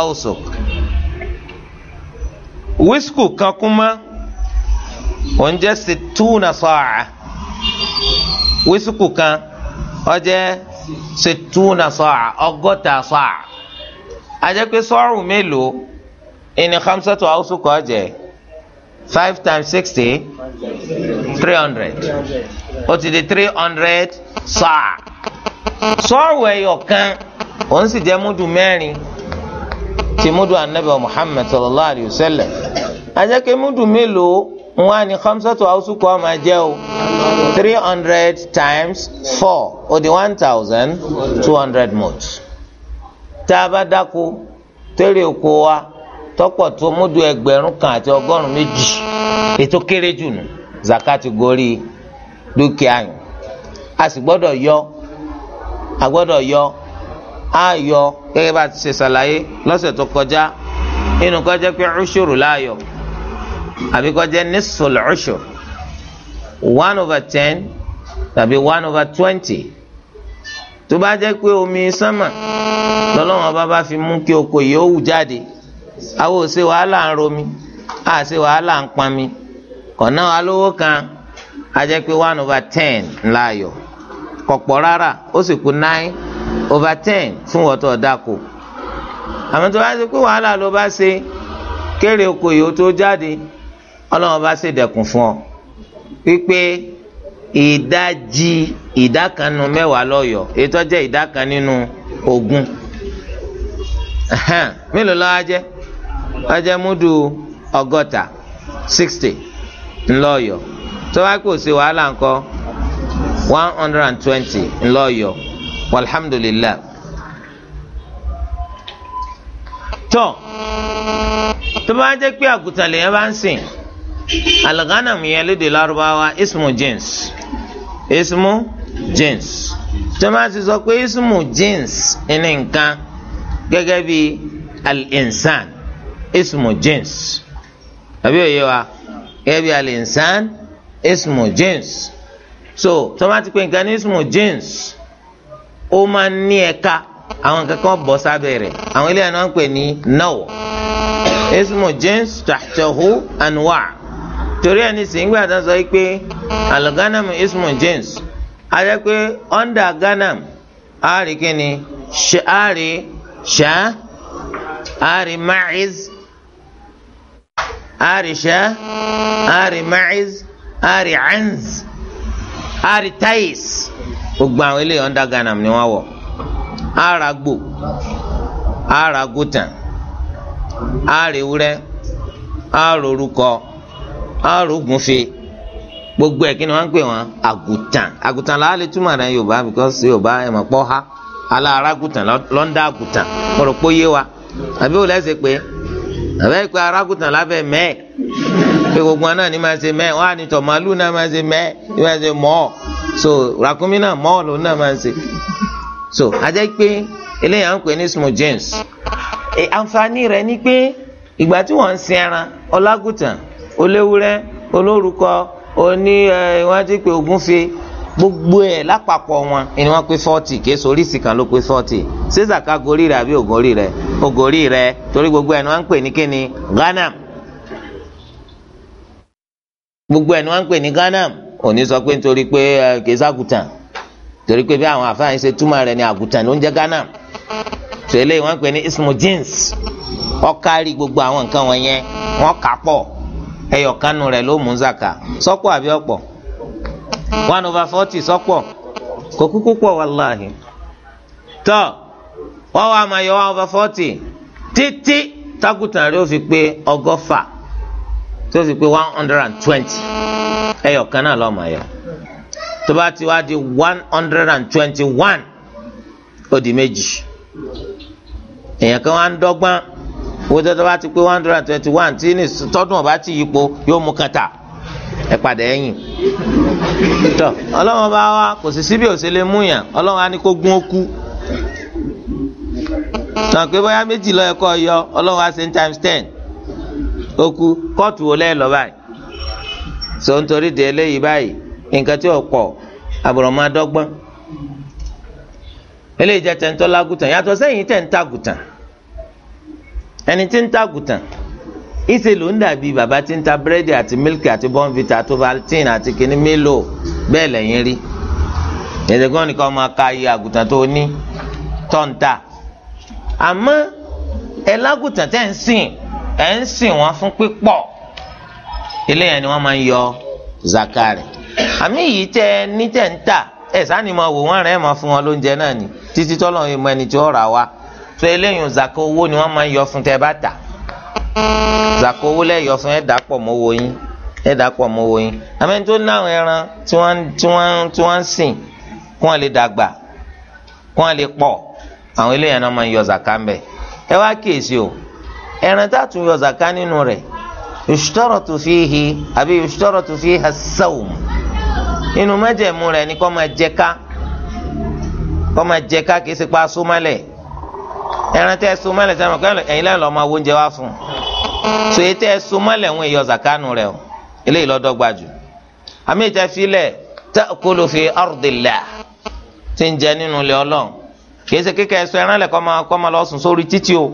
awsuk wíṣkù kan kú mọ́ oúnjẹ sì túnà wísíkù kan ó ṣètúnà sọ́à ọgọ́ta sọ́à àjẹpẹ́ sọ́ọ̀rù mélòó ìní hamsatu awusuku ó jẹ́ five times sixty three hundred ó ti di three hundred sọ́à sọ́ọ̀rù kan òun sì jẹ́ múdù mẹ́rin ti múdù anabi muhammed sallallahu alayhi wa sallam àjẹpẹ́ múdù mélòó. wọn á ní khamsatu awusuku ọmọ jẹ́ o three hundred times four ó di one thousand two hundred mots tá a bá dáko tẹ́lẹ̀ oko wa tọ́pọ̀ tó múdu ẹgbẹ̀rún kan àti ọgọ́rùn méjì ètò kéré jù nù zakati gori, dúkìá yìí a sì gbọ́dọ̀ yọ a gbọ́dọ̀ yọ a yọ gẹ́gẹ́ bá ti ṣe ṣàlàyé lọ́sẹ̀ tó kọjá nínú kọjá pé ushuru láàyò àbí kó jẹ́ nisful ushur one over ten tàbí one over twenty tó bá jẹ́ pé omi sánmà lọ́lọ́wọ́n bá bá fi mú kí oko yìí ó wù jáde àwọn ò ṣe wàhálà ń romi àà ṣe wàhálà ń pami kọ̀nà alówó kan a jẹ́ pé one over ten ńláyọ̀ kọ̀pọ̀ rárá ó sì kú nine over ten fún wọ́tọ̀ dáko àmọ́ tó bá ṣe pé wàhálà ló bá ṣe kéré oko yìí ó tó jáde ọlọ́run bá ṣèdẹ̀kùn fún ọ wípé ìdajì ìdákanu mẹ́wàá lọ́yọ̀ ètò jẹ́ ìdákan nínú ogun mélòó lọ́wọ́ ajẹ́ ajẹ́ múdù ọgọ́ta sixty ńlọ́yọ̀ tó wá kò sí wàhálà ńkọ́ one hundred and twenty ńlọ́yọ̀ alhamdulilayi. tó tó bá jẹ́ pé àgùntàn lèyàn bá ń sìn. alghanam yẹn lédè lárúbáwá ismu jins ismu jins tó máa ti sọ pé ismu jins ní nǹkan gẹ́gẹ́ bí al-insan ismu jins àbí òye wa gẹ́gẹ́ bí al ismu jins so tó máa ti pè nǹkan ní ismu jins ó máa ń ní ẹ̀ka àwọn kankan bọ́ sábẹ́ rẹ̀ àwọn ilé àná ń pè ní náwó ismu jins tahtahu anwa torí ẹni sìn gbà tán sọ pé alghanam ismu jins a jẹ́ pé under ghanam a rí kíni a rí ṣá a rí ma'iz a rí ṣá ma'iz a anz a tais gbogbo àwọn eléyìí under ghanam ni wọ́n wọ̀ a ra gbò a ra gùtàn a rí wúrẹ́ arógun fi gbogbo ẹ kí ni wọ́n ń pè wọ́n àgùtàn àgùtàn làá lè túmọ̀ rẹ̀ yorùbá because yorùbá ha Ala lọ́ndà àgùtàn kọ̀rọ̀ yé wa àbí wò lẹ́sẹ̀ pé àbẹ́ pé arágùtàn lábẹ́ mẹ́ẹ̀ pé gbogbo ni máa ṣe se wọ́n á ní tọ̀ màálù náà máa ṣe mẹ́ẹ̀ ni máa so ràkúnmí náà mọ́ ọ̀ lòun náà máa so ajẹ́ pé eléyà ń pè ní small james rẹ̀ ni pé ìgbà tí wọ́n ń sin oléwúrẹ́ olórúkọ oní ẹ e, wọ́n ti pè ògúnfe gbogbo ẹ̀ lápapọ̀ wọn ni wọ́n pé fọ́ọ̀tì kìí sọ oríṣi kan ló pé fọ́ọ̀tì ṣéṣà ká gorí rẹ àbí ògórí rẹ ògórí rẹ torí gbogbo ẹ̀ ni wọ́n ń pè ní kíni ghanam gbogbo ẹ̀ ni wọ́n ń pè ní ghanam òní sọ pé nítorí pé e, kìí ságùtàn torí pé bí àwọn àfáàyàn ṣe túmọ̀ rẹ̀ ni àgùtàn ló ń jẹ́ ghanam tẹ́lẹ̀ wọ́n ń pè ní ismu jeans ọ̀kárí gbogbo àwọn nǹkan wọ̀nyẹn wọ́n kà pọ̀ ẹyọkanu rẹ̀ ló mú zaka sọpọ àbí ọ̀pọ̀ one over forty sọpọ kò kúkú pọ̀ wàláhì tọ́ wọ́n wá máa yọ one over forty títí tágùtàn rẹ̀ ó fi pé ọgọ́fà tó fi pé one hundred and twenty ẹyọkan náà lọ́ọ́ máa yọ tó bá ti wá di one hundred and twenty one ó di méjì èèyàn kan wá ń dọ́gbọ́n. owó tó tó bá ti pé one hundred and twenty one tí ní tọdún ọba ti yípo yóò mú kàtà ẹ padà ẹ̀yìn tọ ọlọ́wọ́n bá wa kò sì síbi òsèlè mú yàn ọlọ́wọ́n á ní kó gún ó kú tàn pé bóyá méjì lọ ẹ̀kọ́ yọ ọlọ́wọ́n á ṣe times ten ó kú kóòtù wo lẹ́yìn lọ báyìí so nítorí dé eléyìí báyìí nǹkan tí ò pọ̀ àbùrọ̀ máa dọ́gbọ́n eléyìí jẹ́ tẹ̀ ń tọ́ lágùtàn yàtọ̀ sẹ́yìn tẹ̀ ń tàgùtàn ẹni tí ń ta àgùtàn ìṣe ló ń dàbí bàbá tí ń ta búrẹ́dì àti mílìkì àti bọ́ǹvìtà àti valtin àti kìnní mélòó bẹ́ẹ̀ lẹ́yìn rí ẹ̀ẹ́dẹ̀gbọ́n nìkan máa ka iye àgùtàn tó ní tọ́ǹtà àmọ́ ẹ tẹ́ ń sìn ẹ̀ ń sìn wọn fún pípọ̀ ilé yẹn ni wọ́n máa ń yọ zakari àmì yìí tẹ ní tẹ̀ ń tà ẹ̀ sáà ni mo wò wọ́n rẹ̀ máa fún wọn lóúnjẹ náà ni títí tọ́lọ́ so eléyìí zaka owó ni wọ́n máa ń yọ fún tẹ́ bá tà zaka owó lẹ yọ fún ẹ dà pọ̀ mọ́ owó yín ẹ dà pọ̀ mọ́ owó yín àmì tó náwọn ẹran tí wọ́n tí wọ́n tí wọ́n ń sìn kí wọ́n lè dàgbà kí wọ́n lè pọ̀ àwọn eléyìí náà máa ń yọ zaka ń ẹ wá kíyèsí o ẹran tá a tún yọ zaka nínú rẹ̀ yushtaratu fihi àbí yushtaratu fiha as-sawm inú májẹ̀mú rẹ̀ ni kó máa jẹ ká kó máa jẹ ká kì í sì pa ẹran tẹ so mọ́lẹ̀ sẹ́wọ̀n kọ́ ẹ̀yin lẹ́yìn lọ́ọ́ owó wo oúnjẹ wá fún so èyí tẹ so mọ́lẹ̀ ń yọ zakanu rẹ o eléyìí lọ́dọ́ gbajù àmì ìtẹ́ filẹ̀ ta'kulu fi ardillah ti ń jẹ nínú ilé ọlọ́run kì í ṣe kíkẹ́ ẹ̀sọ́ ẹran lẹ̀ máa kọ́ máa lọ sùn sórí títì o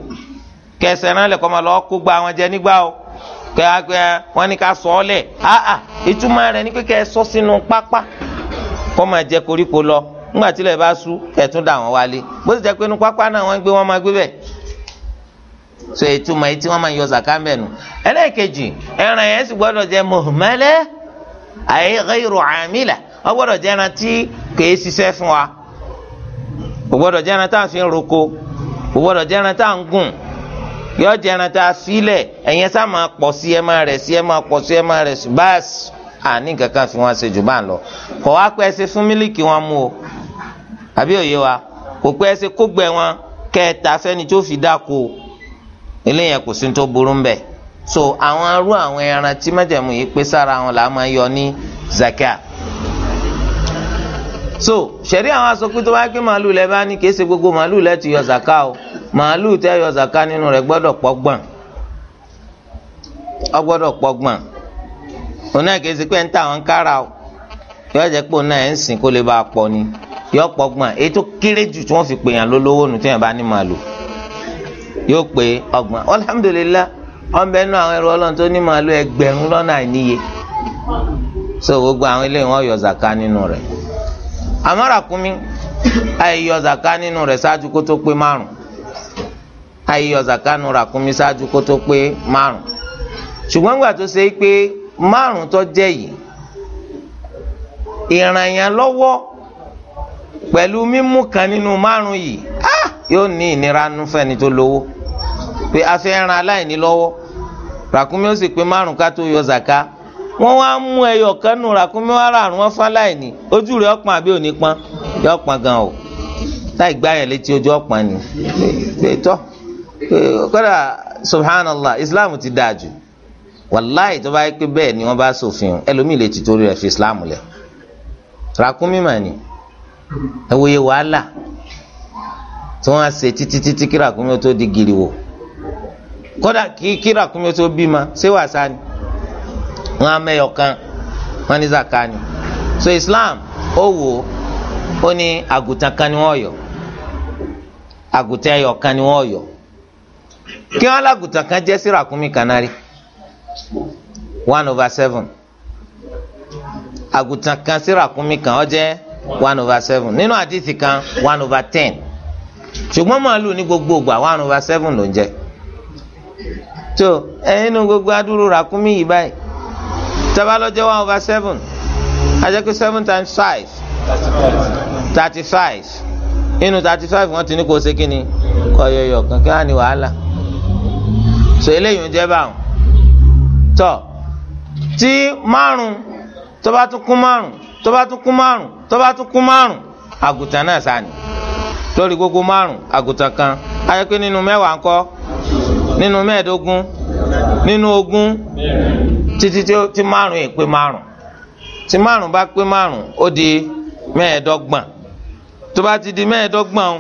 kẹsẹ̀ ẹran lẹ̀ máa lọ kó gba àwọn jẹ nígbà o kẹ́ wọ́n ní ká sọ ọ́ lẹ̀ ah ah ìtumọ̀ rẹ̀ ní kíkẹ́ ẹ̀sọ́ sínú pápá kọ́ máa jẹ koríko lọ ńgbà tílẹ̀ bá sú kẹ̀tún dà wọ́n wálé bó ti jẹ́ pé inú pápá náà wọ́n so etu etí wọ́n máa yọ zaka ń bẹ̀ nù ẹlẹ́ẹ̀kejì ẹran yẹn sì gbọ́dọ̀ jẹ́ wọ́n gbọ́dọ̀ jẹ́ ẹran tí kèé ṣiṣẹ́ fún wa kò gbọ́dọ̀ jẹ́ fi roko kò gbọ́dọ̀ jẹ́ ẹran tá à ń gùn yọ jẹ́ ẹran tá a filẹ̀ ẹ̀yẹn sá àbí òye wa kò pé ẹsẹ kó gbẹ wọn kẹta fẹni tó fi dáko eléyẹn kò sí tó burú mbẹ so àwọn arú àwọn ẹran tí májẹ̀mú yìí pé sára wọn là máa yọ ní zakat so sẹ̀rí àwọn aṣọ pé tó bá gbé màálù lẹ́ bá ní kìí ṣe gbogbo màálù lẹ́ ti yọ zaka o màálù tẹ́ yọ zaka nínú rẹ̀ gbọ́dọ̀ pọ́gbọ̀n ọ gbọ́dọ̀ pọ́gbọ̀n òun náà kìí ṣe pé ń ta àwọn kára o yọ jẹ́ pé òun náà ń sìn kó lè bá a pọ̀ ni. yọ pọgbọn èyí tó kéré jù tí wọn fi pè yàn lólówó nu tí yàn bá ní màálù yóò pé alhamdulillah ọmọbẹ nínú àwọn ẹrù Ọlọ́run tó ní màálù àìníye so gbogbo àwọn eléyìí wọn yọ zaka nínú rẹ̀ àmọ́ àìyọ zaka nínú rẹ ṣáájú kó tó pé márùn àìyọ zaka nínú kó tó pé márùn gbà tó ṣe é pé márùn tó yìí ìrànyàn pẹ̀lú mímú kan nínú márùn yìí ah, yóò ní ìnira nínú tó lówó pé a fẹ́ ran aláìní lọ́wọ́ ràkúnmí ó sì pé márùn ká tó yọ zàká wọ́n wá mú ẹyọ kánú ràkúnmí wá rà wọ́n fún aláìní ojú rẹ̀ ọ̀pọ̀n àbí òní pọ́n yọ ọ̀pọ̀n gan o táì gbá yẹn létí ojú ọ̀pọ̀n ni pẹ̀tọ́ subhanallah islam ti dáa jù wàláì tó bá ni wọ́n bá ẹlòmíì lè ti islam ẹwòye wàhálà tí wọ́n á ṣe títí títí kíra kúnmi tó di giri wò kódà kí kíra kúnmi tó bí ma ṣé wà sá ni wọ́n á mẹyọ kan wọ́n ní zaka ni so Islam ó wò ó ní àgùntàn kan ni wọ́n yọ àgùntàn ẹyọ kan ni wọ́n yọ kí wọ́n lágùntàn kan jẹ́ síra kúnmi kanari one over seven àgùntàn kan síra kúnmi kan ó jẹ́. one over seven nínú àdìsí kan one over ten ṣùgbọ́n màálù ní gbogbo ìgbà one over seven ló ń jẹ tó ẹyin nu gbogbo adúrú ràkúnmí yìí báyìí tabalọ́jẹ́ one over seven ajẹ́kí seven times five thirty five inú thirty five wọ́n ti ní kó ṣe kí ni kọ́ yọyọ kankan á ní wàhálà so eléyìí ń jẹ́ báwọn tọ́ tí márùn tó bá tún kún márùn tó bá tún kún márùn tó tún kún márùn àgùntàn náà sani lórí gbogbo márùn àgùntàn kan ayé pé nínú mẹ́wàá ńkọ́ nínú mẹ́ẹ̀ẹ́dógún nínú ogún títí tí márùn yìí pé márùn tí márùn bá pé márùn ó di mẹ́ẹ̀ẹ́dọ́gbọ̀n tó bá ti di mẹ́ẹ̀ẹ́dọ́gbọ̀n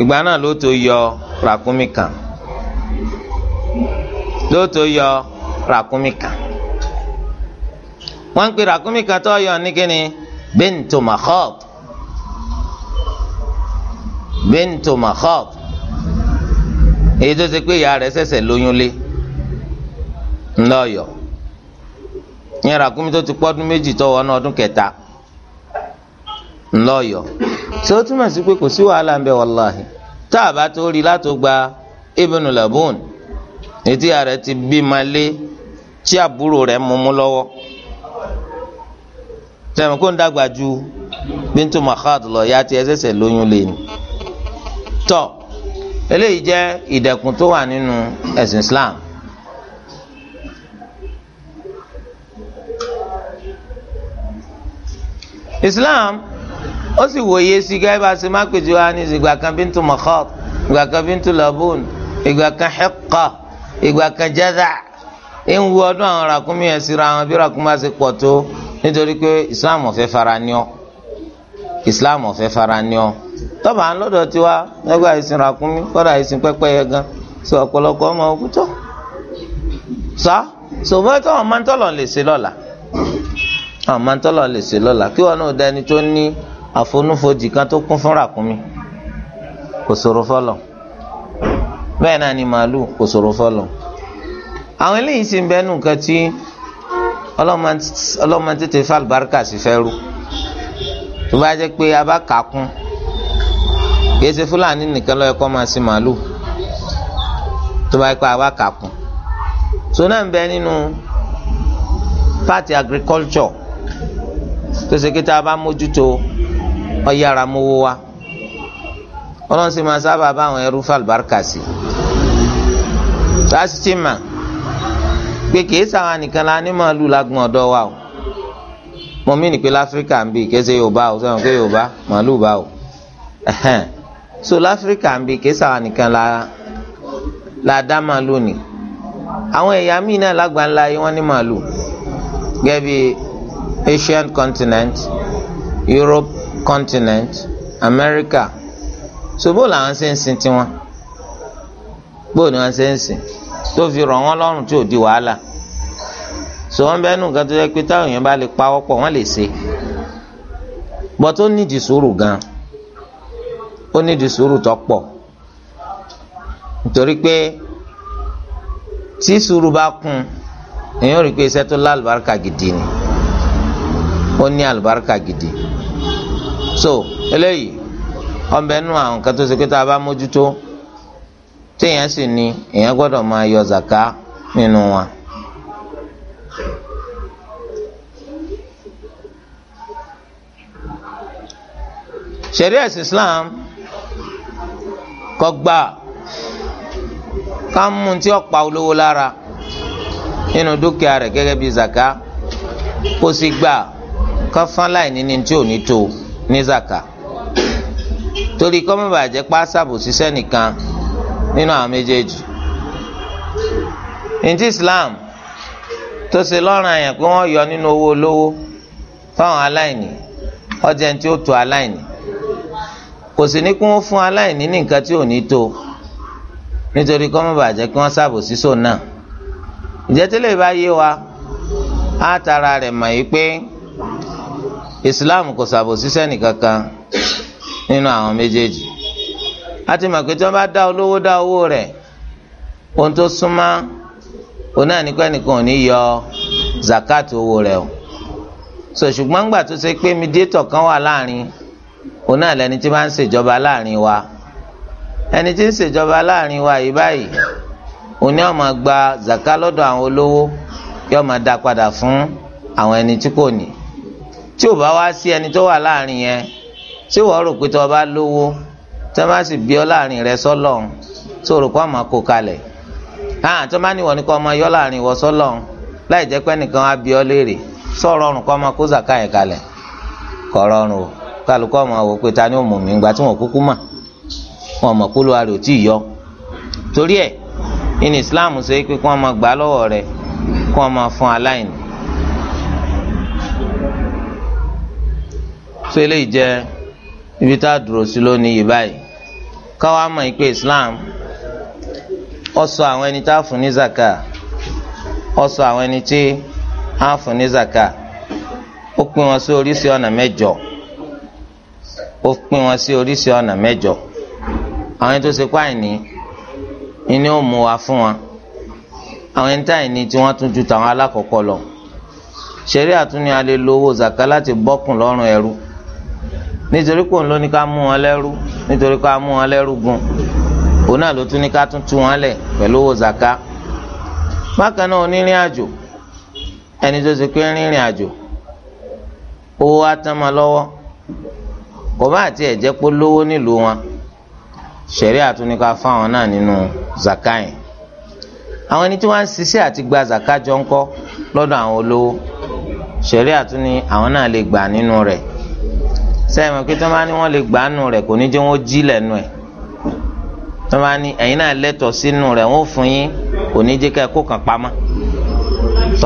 ìgbà náà ló tó yọ ràkúnmí kan ló tó yọ ràkúnmí kan wọ́n ń pè ràkúnmí kan yọ ní kíni bintu makhab bintu makhab èyí tó ṣe pé ìyá rẹ̀ ṣẹ̀ṣẹ̀ lóyún lé ńlọ́yọ̀ yẹn ràkúnmí tó ti pọ́dún méjì tó wọnú ọdún kẹta ńlọ́yọ̀ ṣé ó túmọ̀ sí pé kò sí wàhálà ń bẹ wàláhì tá a bá tó rí látò gba ibùnú labun ètí ìyá rẹ̀ ti bí lé tí àbúrò rẹ̀ mú mú lọ́wọ́ sẹ́wọ̀n kó ń dàgbà ju Bintu Makhad lọ ya ti ẹsẹ̀sẹ̀ lóyún lé ní. tọ́ eléyìí jẹ́ ìdẹ̀kùn tó wà nínú ẹ̀sìn Islam. Islam ó sì wòye sí gẹ́gẹ́ bá a ṣe má pèjọ wa ní ìgbà kan Bintu Makhad ìgbà kan Bintu Labun ìgbà kan Hiqqa ìgbà kan Jaza' ń wo ọdún àwọn ràkúnmí ẹ̀ síra àwọn bí ràkúnmí bá ṣe pọ̀ tó. nítorí pé islam ọ̀fẹ́ fara ni ọ́ islam ọ̀fẹ́ fara ni ọ́ tọ́ba à ń lọ́dọ̀ tiwa ẹgbẹ́ àìsàn ràkúnmí kọ́dà àìsàn pẹ́pẹ́yẹ gan so ọ̀pọ̀lọpọ̀ ọmọ ogun tó sá sòfò tó ọmọ ntọ́lọ̀ lè ṣe lọ́la ọmọ ntọ́lọ̀ lè ṣe lọ́la kí wọn náà dẹni tó ní àfonúfojì kan tó kún fún ràkúnmí kò ṣòro fọlọ bẹ́ẹ̀ náà ni màálù kò ṣòro fọlọ àwọn eléyìí sì ń bẹ́ẹ̀ nù tí. ọlọ́mọ tètè fà àlùbáríkà sí fẹ́ rú tó bá jẹ́ pé a bá kà á kún kìí ṣe fúlàní nìkan lọ́yẹ kọ́ máa sin màálù tó bá yẹ pé a bá kà á kún so náà ń bẹ nínú pàtì agriculture tó ṣe kí tá a bá mójútó ọ̀yàrá mowó wa ọlọ́run sì máa sábà bá àwọn ẹrú fà àlùbáríkà sí. Tá pé kìí sáwọn nìkan la ní màálù lágbọ̀n ọ̀dọ́ wa o mo mí ni pé láfíríkà ń bì kése yorùbá o sẹ́wọ̀n pé yorùbá màálù bá o so láfíríkà ń bì kìí sáwọn nìkan la la dá màálù ni àwọn ẹ̀yà míì náà lágbàńlá yìí wọ́n ní màálù gẹ́gẹ́ bí Asian continent Europe continent America so bó làwọn ṣe ń sin tiwọn bó ni wọ́n ṣe ń sìn tó fi rọ̀ wọ́n lọ́rùn tí ò di wàhálà sọ wọn bẹ́ẹ̀ nù nǹkan tó yẹ pé táwọn èèyàn bá lè pawọ́ pọ̀ wọ́n lè ṣe bọ́ tó nídìí sùúrù gan ó nídìí sùúrù tó pọ̀ nítorí pé tí sùúrù bá kún èèyàn rí pé iṣẹ́ tó lálùbáríkà gidi ni ó ní àlùbáríkà gidi so eléyìí ọbẹ̀ nù àwọn nǹkan tó ṣe pé tá a bá mójútó téèyàn sì ni, èèyàn gbọ́dọ̀ máa yọ zaka nínú wọn. ṣẹ̀ríà Islam kò gbà ká mú tí ó pa olówó lára nínú dúkìá rẹ̀ gẹ́gẹ́ bí zaka kó sì gbà ká fún láìní ní tí ò ní tó ní zaka torí kọ́mọ́bàjẹ́ pàṣàbò ṣiṣẹ́ nìkan nínú àwọn méjèèjì ntí Islam tó ṣe lọ́rùn àyàn pé wọ́n yọ nínú owó olówó fáwọn aláìní ọjà tí ó tó aláìní kò sì ní kí wọ́n fún aláìní ní nǹkan tí ò ní tó nítorí kọ́ mọ́ kí wọ́n sábò sísò náà ìjẹ́tẹ́lẹ̀ bá yé wa á tara rẹ̀ mọ̀ yìí pé Islam kò sábò sísẹ́ nìkankan nínú àwọn méjèèjì a ti mọ̀ pé tí wọ́n bá dá olówó dá owó rẹ̀ ohun tó súnmọ́ òun náà ní pẹ́ẹ́nìkan ò ní yọ zakat owó rẹ̀ o so ṣùgbọ́n gbà tó ṣe pé mídíétọ̀ kan wà láàrin òun náà lẹni tí máa ń ṣèjọba láàrin wa ẹni tí ń ṣèjọba láàrin wa yìí báyìí òun ni ó máa gba zakat lọ́dọ̀ àwọn olówó yóò máa dá padà fún àwọn ẹni tí kò ní tí ò bá wá sí ẹni tó wà láàrin yẹn tí wọ́n rò pé tó o bá lówó tó bá sì bí ọ láàrin rẹ sọlọ́n tó rò kó ọmọ kó kalẹ̀ hàn tó bá ní wọ́n ọmọ yọ láàrin wọ sọlọ́n láì jẹ́ pé nìkan á bí ọ léèrè sọ̀rọ̀ ọ̀run kó ọmọ kó zaka yẹn kalẹ̀ kọ̀rọ̀ ọ̀run o kálukọ́ ọmọ wò pé ta ni ó mú mi gba tí wọ́n kúkú mà wọ́n mọ̀ kó ló arò tí ì yọ torí ẹ̀ ní Islam ṣe é pé kó ọmọ gbà lọ́wọ́ rẹ kó ọmọ fún aláìní. tó eléyìí jẹ́ ibi tá a dúró sí lónìí yìí báyìí káwa mọ̀ ìpè islam ó sọ àwọn ẹni tá a fún ní zaka ó sọ àwọn ẹni tí a fún ní zaka ó pín wọn sí oríṣi ọ̀nà mẹ́jọ ó pín wọn sí oríṣi ọ̀nà mẹ́jọ àwọn ẹni tó ṣe páìní ni ó mú wa fún wọn àwọn ẹni táyì ni tí wọ́n tún ju tàwọn alákọ̀ọ́kọ́ lọ ṣẹ̀rí àtúnyà lè lo owó zaka láti bọ́kùn lọ́rùn ẹrú nítorí pé òun ló ní ká mú wọn lẹ́rú nítorí ká mú wọn lẹ́rú gun òun náà ló tún ní ká tún tú wọn lẹ̀ pẹ̀lú owó zaka bákan náà onírìn àjò ẹni tó ṣe pé rìnrìn àjò owó wa tán máa lọ́wọ́ kò bá àti ẹ̀jẹ̀ pé lówó nílùú wọn ṣẹ̀rí àtúnika fáwọn náà nínú zaka yẹn àwọn ẹni tí wọ́n ń ṣiṣẹ́ àti gba zaka jọ ń kọ́ lọ́dọ̀ àwọn olówó ṣẹ̀rí àtúni àwọn náà lè gbà nínú rẹ̀ sẹ́yìn mọ̀ pé tó máa ní wọ́n lè gbàánu rẹ̀ kò ní jẹ́ wọ́n jí lẹ́nu ẹ̀ máa ní ẹ̀yin náà lẹ́tọ̀ sínú rẹ̀ wọ́n fún yín kò ní jẹ́ ká kó kàn pamọ́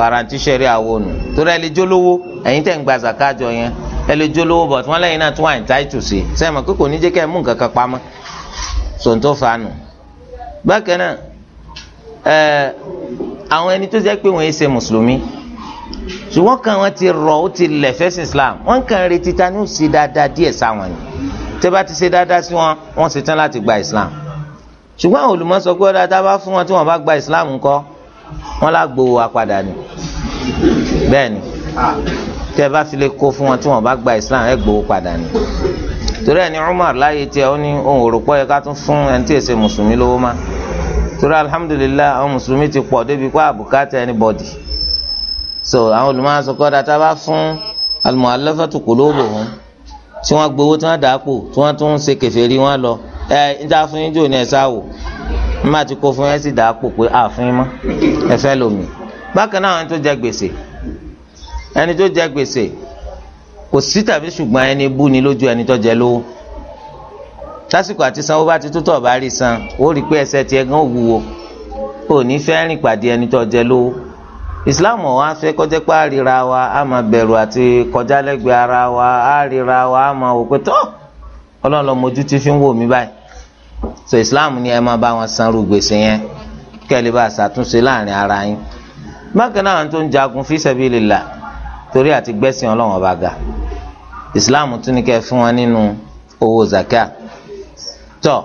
ara ti àwọn ònù torí ẹ lè jólówó ẹ̀yin tẹ̀ ń gba zakajọ yẹn ẹ lè jólówó bọ̀ tí wọ́n lẹ́yìn náà tún wà ní táìtù sí sẹ́yìn pé kò ní jẹ́ ká mú nǹkan kan pamọ́ ṣùgbọ́n kan wọn ti rọ̀ ó ti lẹ̀ fẹ́sìn Islam wọ́n kàn retí ta ni ó ṣe dáadáa díẹ̀ sáwọn ni tẹ́ bá ti ṣe dáadáa sí wọn wọ́n ṣe tán láti gba Islam ṣùgbọ́n àwọn olùmọ̀ sọ pé ọ̀dà tá a bá fún wọn tí wọ́n bá gba Islam ńkọ́ wọ́n lá gbowó wa padà ni bẹ́ẹ̀ ni tẹ́ bá fi lè kó fún wọn tí wọ́n bá gba Islam ẹ̀ gbowó padà ni torí ẹni Umar láyé tiẹ̀ ó ní ohun òròpọ̀ yẹ ká tún fún ẹni tí èsè mùsùlùmí lówó má torí alhamdulillah àwọn mùsùlùmí ti pọ̀ débi kó àbùkátà anybody so àwọn olùmọ̀ràn sọ kọ́ da tá a bá fún al-mu'allafatu qulubuhum tí wọ́n gbowó tí wọ́n dàápò tí wọ́n tún ń ṣe kèfèrí wọn lọ ẹ níta fún yín jò ní ẹ̀sà wò ní má ti kó fún yín sí dàápò pé àfún yín mọ́ ẹ fẹ́ bákan náà ẹni tó jẹ gbèsè ẹni tó jẹ gbèsè kò sí tàbí ṣùgbọ́n ẹni bú ni lójú ẹni tó jẹ lówó tásìkò àti sanwó bá ti tútọ̀ bá rí san ó rí pé ẹsẹ̀ tiẹ̀ gan òwúwo ò ní fẹ́ rìn pàdé ẹni tó jẹ lówó islam ọ̀ wá fẹ́ kọjá pé àríra wa á máa bẹ̀rù àti kọjá lẹ́gbẹ̀ẹ́ ara wa àríra wa á máa wò pé tọ́ ọlọ́run lọ́mọjú ti fi ń wò mí báyìí so islam ni ẹ máa bá wọn sanrú gbèsè yẹn kẹ́lẹ́ bá ṣàtúnṣe láàrin ara yín bákan náà tó ń jagun fi sabilillah torí àti gbẹ́sìn ọlọ́run ọba ga islam tún ní kẹ́ fún wọn nínú owó zaka tọ́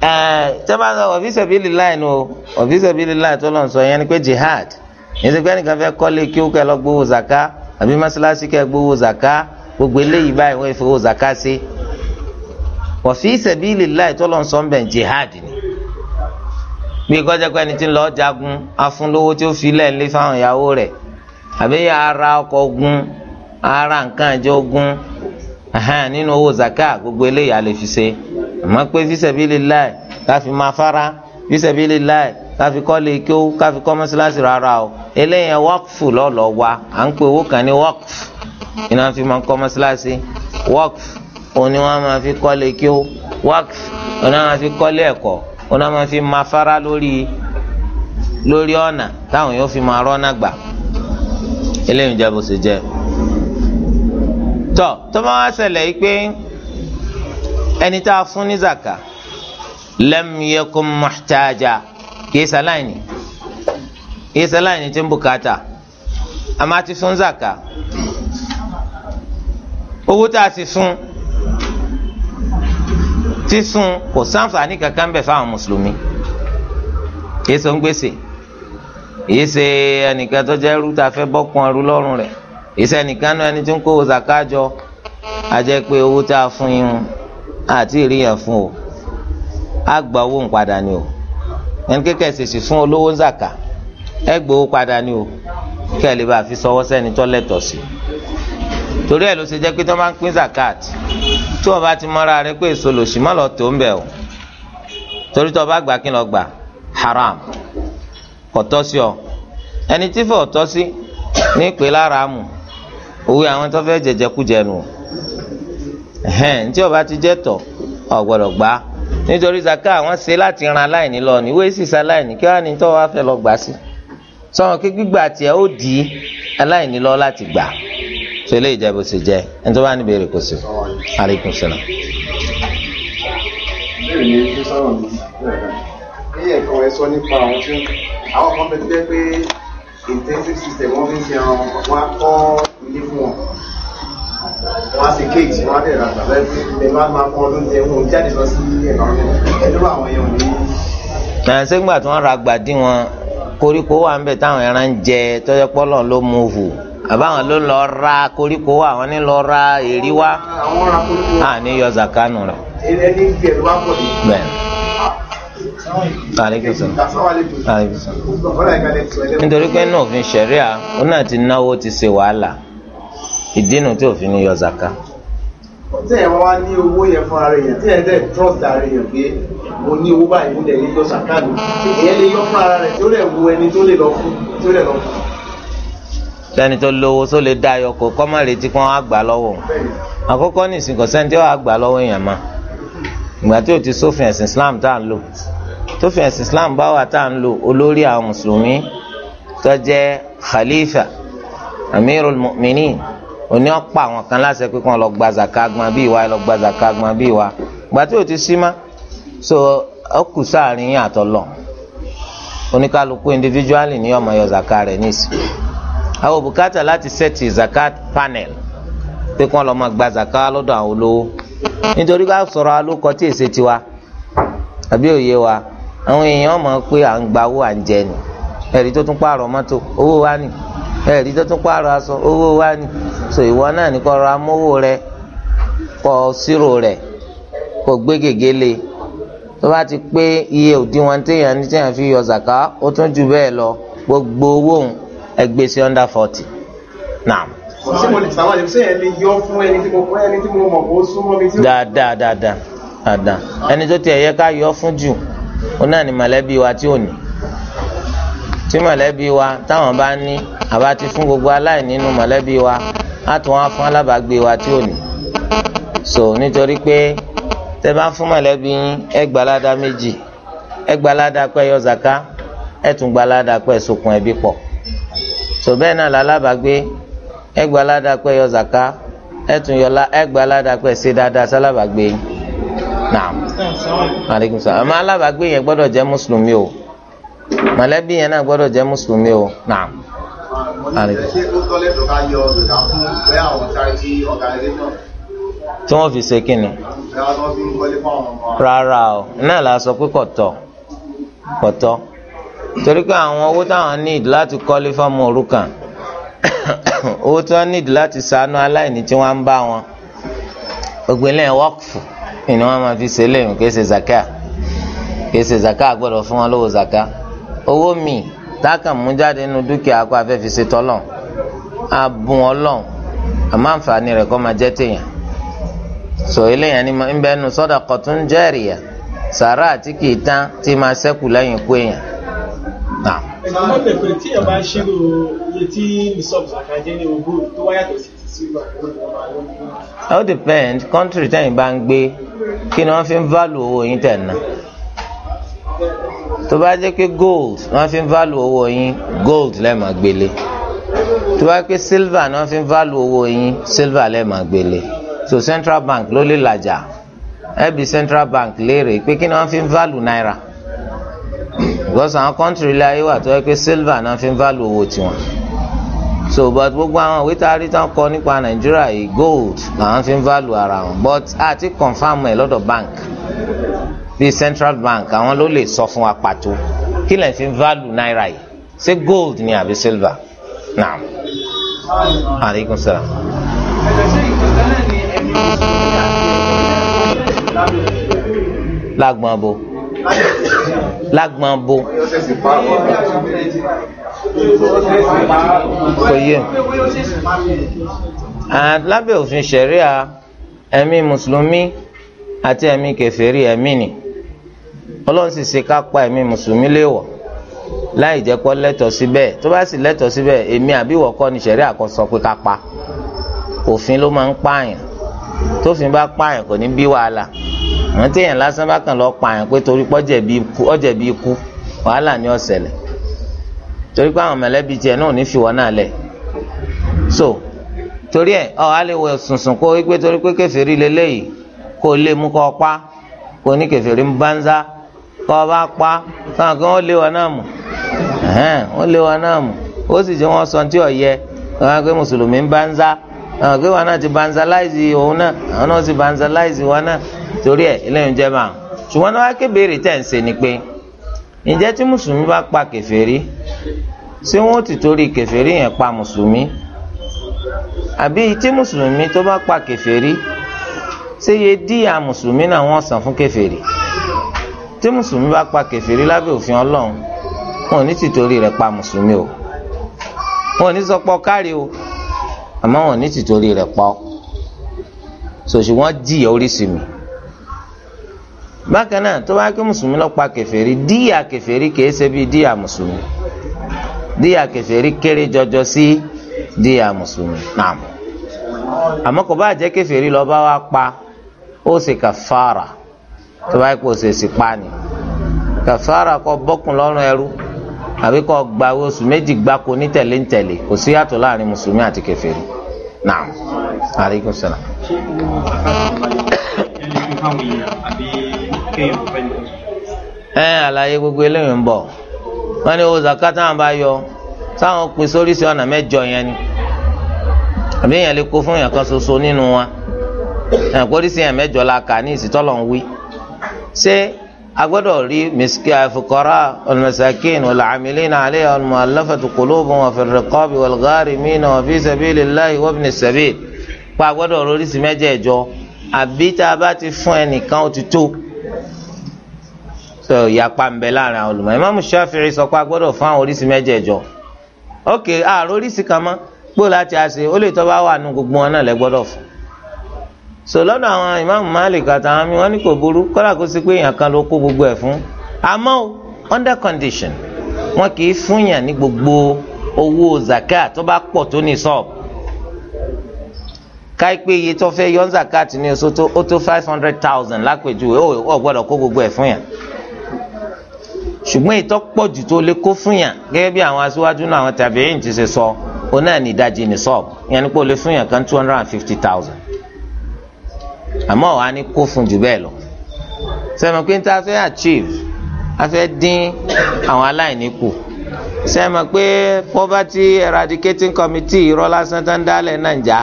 ẹ tẹ́ bá sọ wa fi sabilillah ni o wa fi sabilillah tó lọ́n jihad ìsìnkú ni fẹ́ kọ́lé kí ó kẹ́ lọ gbowó zaka àbí mọ́sálásí kẹ́ gbowó zaka gbogbo eléyìí báyìí wọ́n fi owó zaka sí. wa fi sabilillahi tó lọ jihad ni. bí kọjá pé ẹni tí ń jagun afúnlówó tí ó fi lẹ́ẹ̀lé fáwọn ìyàwó rẹ̀ àbí ara ọkọ̀ ogun ara nǹkan àjọ ogun nínú owó zaka gbogbo eléyìí a lè fi ṣe. àmọ́ pé fi sabilillahi káfi máa fara fi sabilillahi káfi kọ́ lè kí ó káfi kọ́ mọ́ṣáláṣí rárá o eléyìí wọ́ọ̀kfù lọ́lọ́ wa à ń pè owó kan ní wọ́ọ̀kfù iná fi máa ń kọ́ mọ́ṣáláṣí wọ́ọ̀kfù òní wọn máa fi kọ́ lè kí ó wọ́ọ̀kfù òní wọn máa fi kọ́ lé ẹ̀kọ́ òní wọn máa fi máa fara lórí lórí ọ̀nà táwọn yóò fi máa rọ́nà gbà eléyìí jẹ́ bó ṣe jẹ́ tọ́ tó bá ṣẹlẹ̀ yìí pé ẹni tá a fún ní zaka lẹ́mìíyẹ́kùn mọ́ṣáájà kìí sàláìní kìí sàláìní tí ń bùkátà àmọ́ a ti fún zaka owó tá a ti fún sísun kò sáǹfààní kankan bẹ̀ fáwọn mùsùlùmí kìí sọ ń gbèsè kìí ṣe ẹnìkan tó jẹ́ rúta fẹ́ bọ́kùn ẹrú lọ́rùn rẹ̀ kìí ṣe ẹnìkan náà ẹni tó ń kó zaka jọ a pé owó tá a fún yín àti ìríyàn fún o a gba owó ń padà ni o ẹni kékeré ṣèṣì fún olówó ń zàkà ẹ gbowó padà ni o kẹ́ ẹ lè bá a fi sọwọ́ sẹ́ni tó lẹ́tọ̀ọ́ sí torí ẹ ló ṣe jẹ́ pé tó máa ń pín zakat tí wọ́n bá ti mọ́ra rẹ pé èso lòṣì má lọ tó ń bẹ̀ o torí tó bá gbà kí lọ gbà haram ọ̀tọ́ sí ọ ẹni tí fẹ́ ọ̀tọ́ sí ní ìpè lára mu òwe àwọn tó fẹ́ jẹjẹkújẹ nù ẹ̀hẹ́n tí wọ́n bá ti jẹ́ tọ̀ ọ̀ gbọ́dọ̀ nítorí zaka àwọn ṣe láti ran aláìní lọ ní wọ́n sì ṣaláìní kí wọ́n á ní tó wá fẹ́ lọ gbà sí sọ̀rọ̀ kí gbígbà tiẹ̀ ó di aláìní lọ láti gbà tó ilé ìjẹ́bù sì jẹ́ ẹni tó bá ní béèrè kò sí alaikum salaam. ní ẹ̀kọ́ ẹ sọ nípa àwọn tí àwọn pé intensive system wọ́n fi ń ṣe wọn kọ́ ilé fún wọn wọ́n á ṣe kéèkì wọ́n á dẹ̀ ràgbà bẹ́ẹ̀ pé ẹ máa máa pọn ọdún jẹ wọn jáde lọ sí ẹ̀rọ ẹ̀dúrà àwọn yẹn ò ní. ṣé ńgbà koríko wà ń bẹ táwọn ẹran ń jẹ tọ́jọ́ pọ́lọ́ ló mú hù àbáwọn ló lọ ra koríko wà wọ́n ní lọ ra èrí wá àní yọ zakanu rẹ. ẹni ń jẹ ló bá pọ̀ ní. bẹ́ẹ̀ nítorí pé náà òfin ṣẹ̀ríà ó náà ti náwó ti ṣe wàhálà ìdínà tí òfin ní yọ zaka. tí ẹ wá ní owó yẹn fún ara èèyàn tí ẹ dẹ trust ara èèyàn pé mo ní owó báyìí mo dẹ ní yọ zaka mi èèyàn lè yọ fún ara rẹ̀ tí ó lè wo ẹni tó lè lọ fún tí ó lè lọ fún. sẹ́ni tó lówó tó lè dá ayọ̀ kó kọ́ má retí kó wọ́n á gbà lọ́wọ́ àkọ́kọ́ ní ìsìnkàn sẹ́ni tí wọ́n á gbà lọ́wọ́ èèyàn mà ìgbà tí ò ti sófin ẹ̀sìn Islam tá à ń lò tófin ẹ̀sìn Islam bá wà tá à ń lò olórí àwọn mùsùlùmí tó jẹ́ khalifa amirul mu'minin òní ọ̀pọ̀ àwọn kan láṣẹ pé kàn lọ gba zaka gbọn bí ìwà lọ gba zaka gbọn bí ìwà gba tí o ti sí ma so ọkù sáàrin yín àtọlọ oníkálukú individually ní ọmọ yọ zaka rẹ nísìnyí àwọn bùkátà láti sẹ́ẹ̀tì zaka panel pé kàn lọ máa gba zaka lọ́dọ̀ àwọn olówó nítorí ká sọ̀rọ̀ alókọ tí èsè tiwa àbí òye wa àwọn èèyàn mọ̀ pé à ń gbawó à ń jẹ ni ẹ̀rí tó tún pààrọ̀ mọ́tò owó wa ni ẹ̀rí tó tún pààrọ̀ aṣọ owó wa ni so ìwọ náà ní kọ́ rẹ kọ́ sírò rẹ kò gbé gègé le tó ti pé iye òdiwọ̀n téèyàn ní téèyàn fi yọ zàká ó tún jù bẹ́ẹ̀ lọ gbogbo owó ẹgbẹ́ sí under forty naam. ṣé mo lè fún ẹni tí mo ẹni tí mo tí mọ̀lẹ́bí wa táwọn bá ní àbá ti fún gbogbo aláìní nínú mọ̀lẹ́bí wa á tún wá fún alábàágbé wa tí ò ní. so nítorí pé tẹ bá fún mọ̀lẹ́bí yín ẹ gbalada méjì ẹ gbalada pé yọ zaka ẹ tún gbalada pé sokùn ẹbí pọ̀ so bẹ́ẹ̀ náà lálábàágbé ẹ gbalada pé yọ zaka ẹ tún yọlá ẹ gbalada pé ṣe dáadáa sálábàágbé naam aleykum salaam àmọ́ alábàágbé yẹn gbọ́dọ̀ jẹ́ mùsùlùmí o. mọ̀lẹ́bí yẹn náà gbọdọ jẹ́ mùsùlùmí o náà. tí wọ́n fi ṣe kí ni. rárá o náà la sọ pé kọ̀tọ̀ kọ̀tọ̀ torí pé àwọn owó táwọn need láti kọ́lé fọ́mọ òrukàn owó tí wọ́n need láti ṣàánú aláìní tí wọ́n ń bá wọn wọ́ọ̀kù ni wọ́n máa fi ṣe lẹ́yìn kí ẹ ṣe zakia kí ẹ ṣe zakia fún wọn lówó zakia. owó mi táàkà mú jáde nínú dúkìá kó afẹ́ fi ṣe tọ́lọ̀ á bùn rẹ̀ kọ́ máa jẹ́ tèèyàn sọ ni ń bẹ́ẹ̀ nu sọ́dà kọ́tún jẹ́rìíyà sàrà àti kì í tán tí máa ṣẹ́kù lẹ́yìn ikú èèyàn. ìmọ̀ pẹ̀pẹ̀ tí yẹn bá ṣírò iye tí àkàjẹ́ ní ogún tó ti all depend country tẹ́yìn bá ń gbé kí ni wọ́n fi ń válù owó yín tó bá jẹ́ pé gold wọ́n fi ń válù owó yín gold lẹ́ẹ̀mà gbélé tó bá jẹ́ pé silver wọ́n fi ń válù owó yín silver lẹ́ẹ̀mà gbélé so central bank ló lè làjà bi central bank léèrè pé kí ni wọ́n fi ń válù náírà because àwọn kọ́ńtìrì ilé ayé wà tó jẹ́ pé silver wọ́n fi ń válù owó tiwọn so but gbogbo àwọn ìwé tá a rí tán kọ nípa nàìjíríà yìí gold làwọn fi ń value ara wọn but àti confam ẹ lọ́dọ̀ bank bíi central bank àwọn ló lè sọ fún wa pàtó kí lẹ́yìn fi ń value náírà yìí ṣé gold ni àbí silver naam aleykum salaam. lágbọn bo lágbọn bo kò yé lábẹ́ òfin ṣẹ̀ríà ẹ̀mí mùsùlùmí àti ẹ̀mí kẹfẹ́rí ẹ̀mí ni ọlọ́run sì ṣe ká pa ẹ̀mí mùsùlùmí léèwọ̀ láì jẹ́ kó lẹ́tọ̀ọ́ síbẹ̀ tó bá sì lẹ́tọ̀ọ́ síbẹ̀ èmi àbí ìwọ kọ́ ni ṣẹ̀ríà kọ́ sọ pé ká pa òfin ló máa ń pààyàn tófin bá pààyàn kò ní bí wàhálà àwọn téèyàn lásán bá kàn lọ pààyàn pé torí ọjẹ bí ikú wàhálà ni ó torí pé àwọn mẹ̀lẹ́bí tiẹ̀ náà ní fìwọ náà lẹ so torí ẹ ọ á lè wọ sùnsùn kó wípé torí pé kèfèrí lélẹyìí kó lè mú kó pa kó ní kèfèrí ń bánzá kó bá pa káwọn kan ó lé wọn náà mú ó lé wọn náà mú ó sì jẹ wọn sọ tí ò yẹ káwọn pé mùsùlùmí ń bánzá. àwọn pé wọn náà ti banzalize òun náà àwọn náà ti banzalize wọn náà torí ẹ eléyìí jẹ máa ṣùgbọ́n náà wá kébèrè tẹ̀ ń ṣe ni pé ǹjẹ́ tí mùsùlùmí bá pa kèfèrí ṣé wọ́n ti torí kèfèrí yẹn pa mùsùlùmí àbí tí mùsùlùmí tó bá pa kèfèrí ṣé iye díyà mùsùlùmí náà wọ́n san fún kèfèrí tí mùsùlùmí bá pa kèfèrí lábẹ́ òfin ọlọ́run wọn ò ní ti torí rẹ̀ pa mùsùlùmí o wọn ò ní sọ pọ̀ o àmọ́ wọn ní tìtorí rẹ̀ pa ọ́ sòṣì wọ́n jìyà oríṣi mi bákan náà tó bá kí mùsùlùmí lọ pa kèfèrí díyà kèfèrí kìí ṣe bíi díyà mùsùlùmí díyà kèfèrí kéré jọjọ sí díyà mùsùlùmí náà àmọ́ kò bá jẹ́ kèfèrí lọ bá wa pa ó ṣe kàfàrà tó bá kí kò ṣe sí pa ni kàfàrà kọ bọ́kùn lọ́rùn ẹrú àbí kọ́ gba oṣù méjì gbáko ní tẹ̀lé ń tẹ̀lé kò sí yàtọ̀ láàrin mùsùlùmí àti kèfèrí naam aleykum salaam. ẹ àlàyé gbogbo eléyìí ń bọ̀ wọ́n ní owó zakat táwọn bá yọ táwọn pín sóríṣi ọ̀nà mẹ́jọ yẹn ni àbí èèyàn lè kó fún èèyàn kan ṣoṣo nínú wa ẹ̀ pọ́lísì yẹn mẹ́jọ la kà ní ìsìtọ́lọ̀ ń wí ṣé agbọ́dọ̀ rí miski afukọra olùmọ̀sákìn olùhàmìlínà alẹ́ olùmọ̀láfàtú kòlóòbù wọn fẹ̀rẹ̀kọ́bì wọlgárì mìíràn ọ̀fi sẹ́bìlì láì wọ́pìnì sẹ́bìlì pa agbọ́dọ̀ oríṣi mẹ́jẹ̀ẹ̀jọ àbí tá a bá ti fún ẹnìkan ó ti tó sọ ìyapa ń bẹ láàrin àwọn olùmọ̀ ìmáàmù Ṣáfi'í sọ pé agbọ́dọ̀ fún àwọn oríṣi mẹ́jẹ̀ẹ̀jọ ok àrò oríṣi kan mọ́ láti àṣe ó lè tọ́ bá wà nù gbogbo wọn náà lẹ́gbọ́dọ̀ fún so lọ́dọ̀ àwọn ìmáàmù Malik àtàwọn mi wọ́n ní kò burú kọ́lá kó sí pé èèyàn kan ló kó gbogbo ẹ̀ fún àmọ́ under condition wọn kì í fúnyàn ní gbogbo owó zakat tó bá pọ̀ tó ní iye tó fẹ́ yọ zakat ní oṣù tó ó tó five hundred thousand lápèjúwe ó gbogbo ẹ̀ fún yàn ṣùgbọ́n ìtọ́ tó lè kó fún yàn gẹ́gẹ́ bí àwọn aṣíwájú náà àwọn tàbí sọ náà ní ìdajì ní yẹn ni pé ó kan two àmọ́ wàá ní kó fún jù bẹ́ẹ̀ lọ sẹ́mi pé níta fẹ́ achieve a fẹ́ dín àwọn aláìní kù sẹ́mi pé poverty eradicating committee irọ́ lásán tán dálẹ̀ náà ń já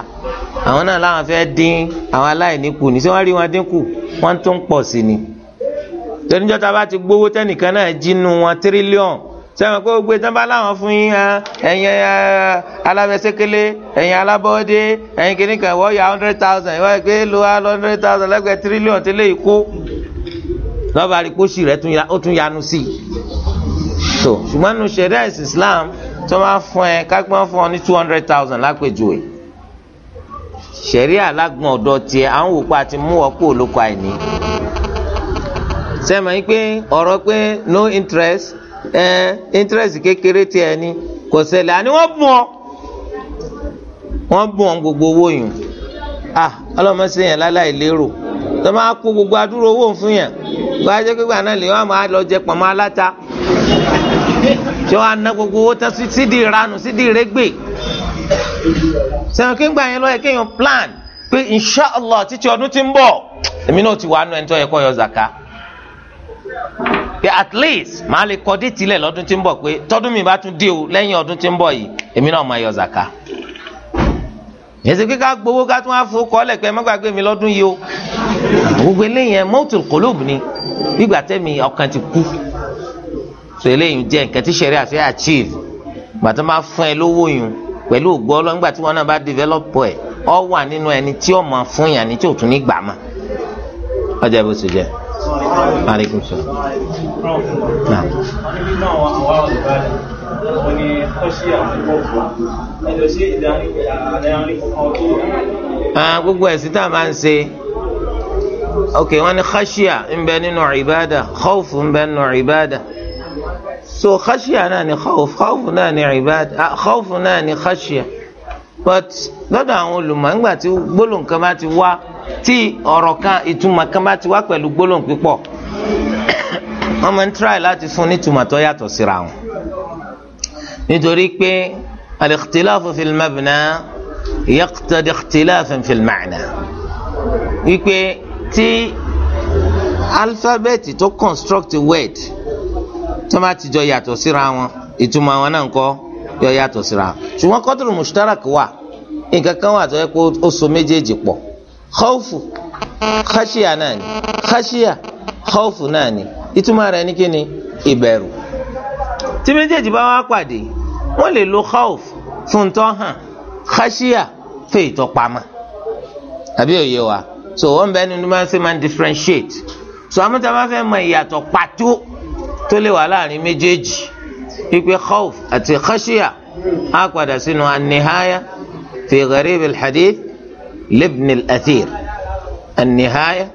àwọn náà làwọn fẹ́ dín àwọn aláìní kù ní sẹ́ wọ́n rí wọn dín kù wọ́n tún pọ̀ sí ni tẹ́níjọ́ta bá ti gbowó tẹ́nìkan náà jínú wọn tírílíọ̀nù sẹ́wọ̀n kó gbé tán bá láwọn fún yín hàn ẹ̀yin alábẹ́sẹ́kẹ́lé ẹ̀yin alábọ́ọ́dé ẹ̀yin kìnnìkan wọ́n yà hundred thousand ìwọ́n yẹ pé lo wa lọ hundred thousand lẹ́gbẹ̀ẹ́ tírílíọ̀n tẹ́lẹ̀ ikú lọ́ba rí pósì rẹ̀ ó tún yanu sí i. so ṣùgbọ́n nu ṣẹ̀dá ẹ̀sìn Islam tó máa fún ẹ kápẹ́ fún ọ ní two hundred thousand lápèjúwe ṣẹ̀ríà alágbọ̀n ọ̀dọ́ tiẹ̀ àwọn òpó àti mú ọkọ̀ olóko àìní sẹ́mi pé ọ̀rọ̀ pé no interest ẹ kekere kékeré tiẹ̀ ni kò ṣẹlẹ̀ àní wọ́n bùn ọ́ wọ́n bùn ọ́ gbogbo owó yìí ah ọlọ́mọ sí yẹn láláì lérò tó máa gbogbo adúrò owó fún yẹn wọ́n á jẹ́ pé gbàgbọ́n lè wọ́n máa lọ jẹ aláta tí gbogbo owó tán sídìí ìranù sídìí ìrégbè sẹ́wọ̀n kí kéèyàn plan pé inshallah títí ọdún tí ń èmi náà ti wà á nu ẹni tó yẹ kó yọ pé at least màá lè kọ́ dé tilẹ̀ lọ́dún tí ń bọ̀ pé tọ́dún mi bá tún dé o lẹ́yìn ọdún tí ń bọ̀ yìí èmi náà máa yọ zaka èsì pé ká gbowó ká tún wá fún kọ́lẹ̀ pé má gbàgbé mi lọ́dún yìí o gbogbo eléyìí ẹ̀ mọ́tò kòlóòbù ni gbígbà tẹ́mi ọkàn ti kú so eléyìí jẹ́ nǹkan tí sẹ́rí àfẹ́ achieve gbàtọ́ máa fún ẹ lówó yun pẹ̀lú ògbó ọlọ́ngbà tí wọ́n náà bá develop ẹ̀ ọ wà nínú ẹni tí ó máa fún yàn ní tí ò tún aleykum salaam. nínú àwọn àwọn ọ̀gá wọn ni kọ́sí àwọn ọ̀gá ẹ̀jọ̀ sí ìdánilẹ́yìn gbogbo ẹ̀sìn tá a máa ń ṣe ok wọn ni khashia ń bẹ nínú ìbáda khawf ń bẹ nínú ìbáda so khashia náà ni khawf khawf náà ni ìbáda ah, khawf náà ni khashia but lọ́dọ̀ àwọn olùmọ̀ nígbà tí gbólóǹkan bá ti wá tí ọ̀rọ̀ kan ìtumọ̀ kan bá ti wá pẹ̀lú gbólóhùn pípọ̀ wọ́n máa ń tíráì láti fún nítumọ̀ tó yàtọ̀ síra wọn. nítorí pé al-ikhtilafu fil mabna yaqtadi ikhtilafan wípé tí alifábẹ́ẹ̀tì tó construct word tó máa ti jọ yàtọ̀ síra wọn ìtumọ̀ àwọn náà ń kọ́ yọ yàtọ̀ síra wọn ṣùgbọ́n kọ́tùrù mushtarak tó yẹ kó o so méjèèjì pọ̀ khawfu khashiya náà ni khashiya khawfu náà ni ìtumọ̀ rẹ̀ ní kíni ìbẹ̀rù tí méjèèjì bá wá pàdé wọ́n lè lo khawf fún tó hàn khashiya fún ìtọ́pamọ́ àbí òye wa so wọ́n bẹ́ẹ̀ ni wọ́n máa ṣe máa differentiate so àmọ́ tá a bá fẹ́ mọ ìyàtọ̀ pàtó tó lè wà láàrin méjèèjì pípé khawf àti khashiya á padà sínú anihaya fi gharib al-hadith. لابن الأثير النهاية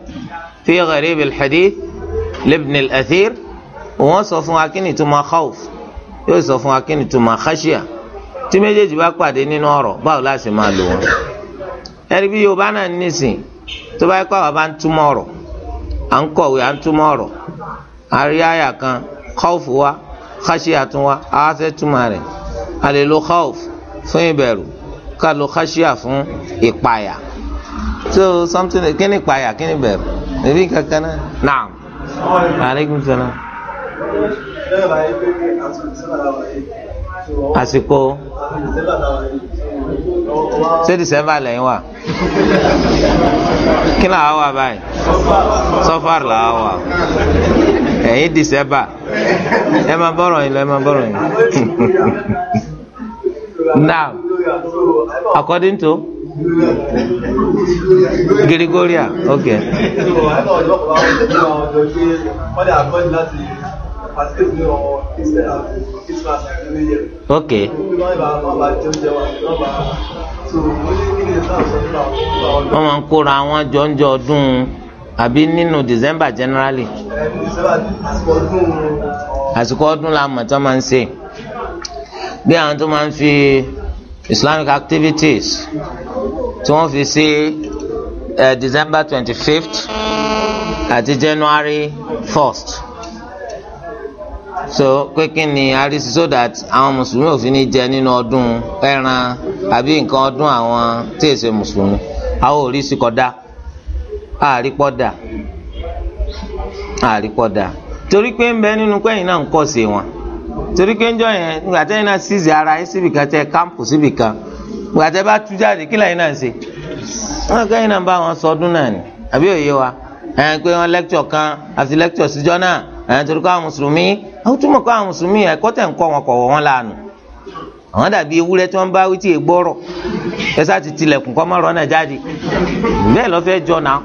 في غريب الحديث لابن الأثير وصف أكن تما خوف يوصف أكن تما خشية tí méjèèjì bá pàdé nínú ọ̀rọ̀ báwo la ṣe máa lò wọn. ẹni bí yorùbá náà nísìn tó bá kọ́ àwọn bá ń túmọ̀ ọ̀rọ̀ à ń kọ̀wé à ń túmọ̀ ọ̀rọ̀ àrí àyà kan khawfu wa khashiyatun wa àá fẹ́ túmọ̀ rẹ̀ a lè lo khawf fún ìbẹ̀rù ká lo khashia fún ìpayà so something kí ni ìpayà kí ni bẹ̀rù èmi kankan náà naam aleykum salaam. àsìkò ṣé December lẹ́yìn wa kí ni àwa wà báyìí sọfàr là wà ẹ̀yìn December ẹ máa bọ̀rọ̀ yìí lọ ẹ máa bọ̀rọ̀ yìí. naam according to Gregoria okay. okay. wọ́n máa ń kóra àwọn jọ́njọ́ ọdún àbí nínú December generally. àsìkò ọdún la mọ̀ tó máa ń ṣe bí àwọn tó máa ń fi islamic activities tí wọ́n fi sí uh, december twenty fifth àti january first so kékin ni arisi so that àwọn mùsùlùmí ò fi ní jẹ nínú ọdún ẹran àbí nǹkan ọdún àwọn tí èsè mùsùlùmí àwọn òrìṣi kódà àrípọ̀dà àrípọ̀dà torí pé ń bẹ nínú kẹ́yìn náà ń kọ́ sí wọn torí pé njọ́ yẹn nígbà tẹ́yìn náà ṣìṣì ara yín síbi kan tẹ́ kámpù síbi kan nígbà tẹ́ bá tú jáde kí lẹ́yìn náà ṣe wọn kẹ́yìn náà bá wọn sọdún náà ni àbí òye wa ẹ̀ pé wọn lẹ́kítọ̀ kan àti lẹ́kítọ̀ síjọ́ náà ẹ̀ torí kọ́ àwọn mùsùlùmí àwọn túmọ̀ kọ́ àwọn mùsùlùmí ẹ̀kọ́ tẹ̀ ń kọ́ wọn kọ̀ wọn lánàá àwọn dàbí ewúrẹ́ tí wọ́n bá wí tí è gbọ́rọ̀ ẹ ti tilẹ̀kùn kọ́ mọ́rọ́ náà jáde bẹ́ẹ̀ lọ́ fẹ́ jọ náà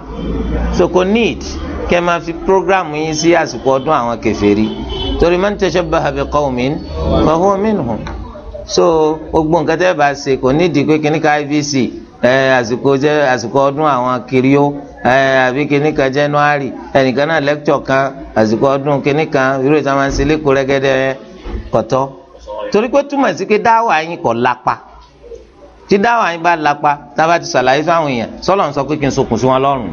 so kò need kẹ́ máa fi program yín sí àsìkò ọdún àwọn kèfèrí torí man tashabbaha bi qawmin fa huwa minhum so gbogbo nǹkan tẹ́ bá ṣe kò nídìí pé kíní ká ivc àsìkò jẹ àsìkò ọdún àwọn kirió àbí kíní kan january ẹnìkan náà lẹ́kítọ̀ kan àsìkò ọdún kíní kan irú ìta máa ń ṣe lẹ́kọ̀ọ́ rẹ́gẹ́dẹ́ kọ̀tọ́ torí pé túmọ̀ sí pé dáwọ̀ àyìn kò lápa tí dáwọ̀ àyìn bá lápa tábà ti ṣàlàyé fáwọn èèyàn sọ́lọ́run sọ pé kí n sokùn sí wọn lọ́rùn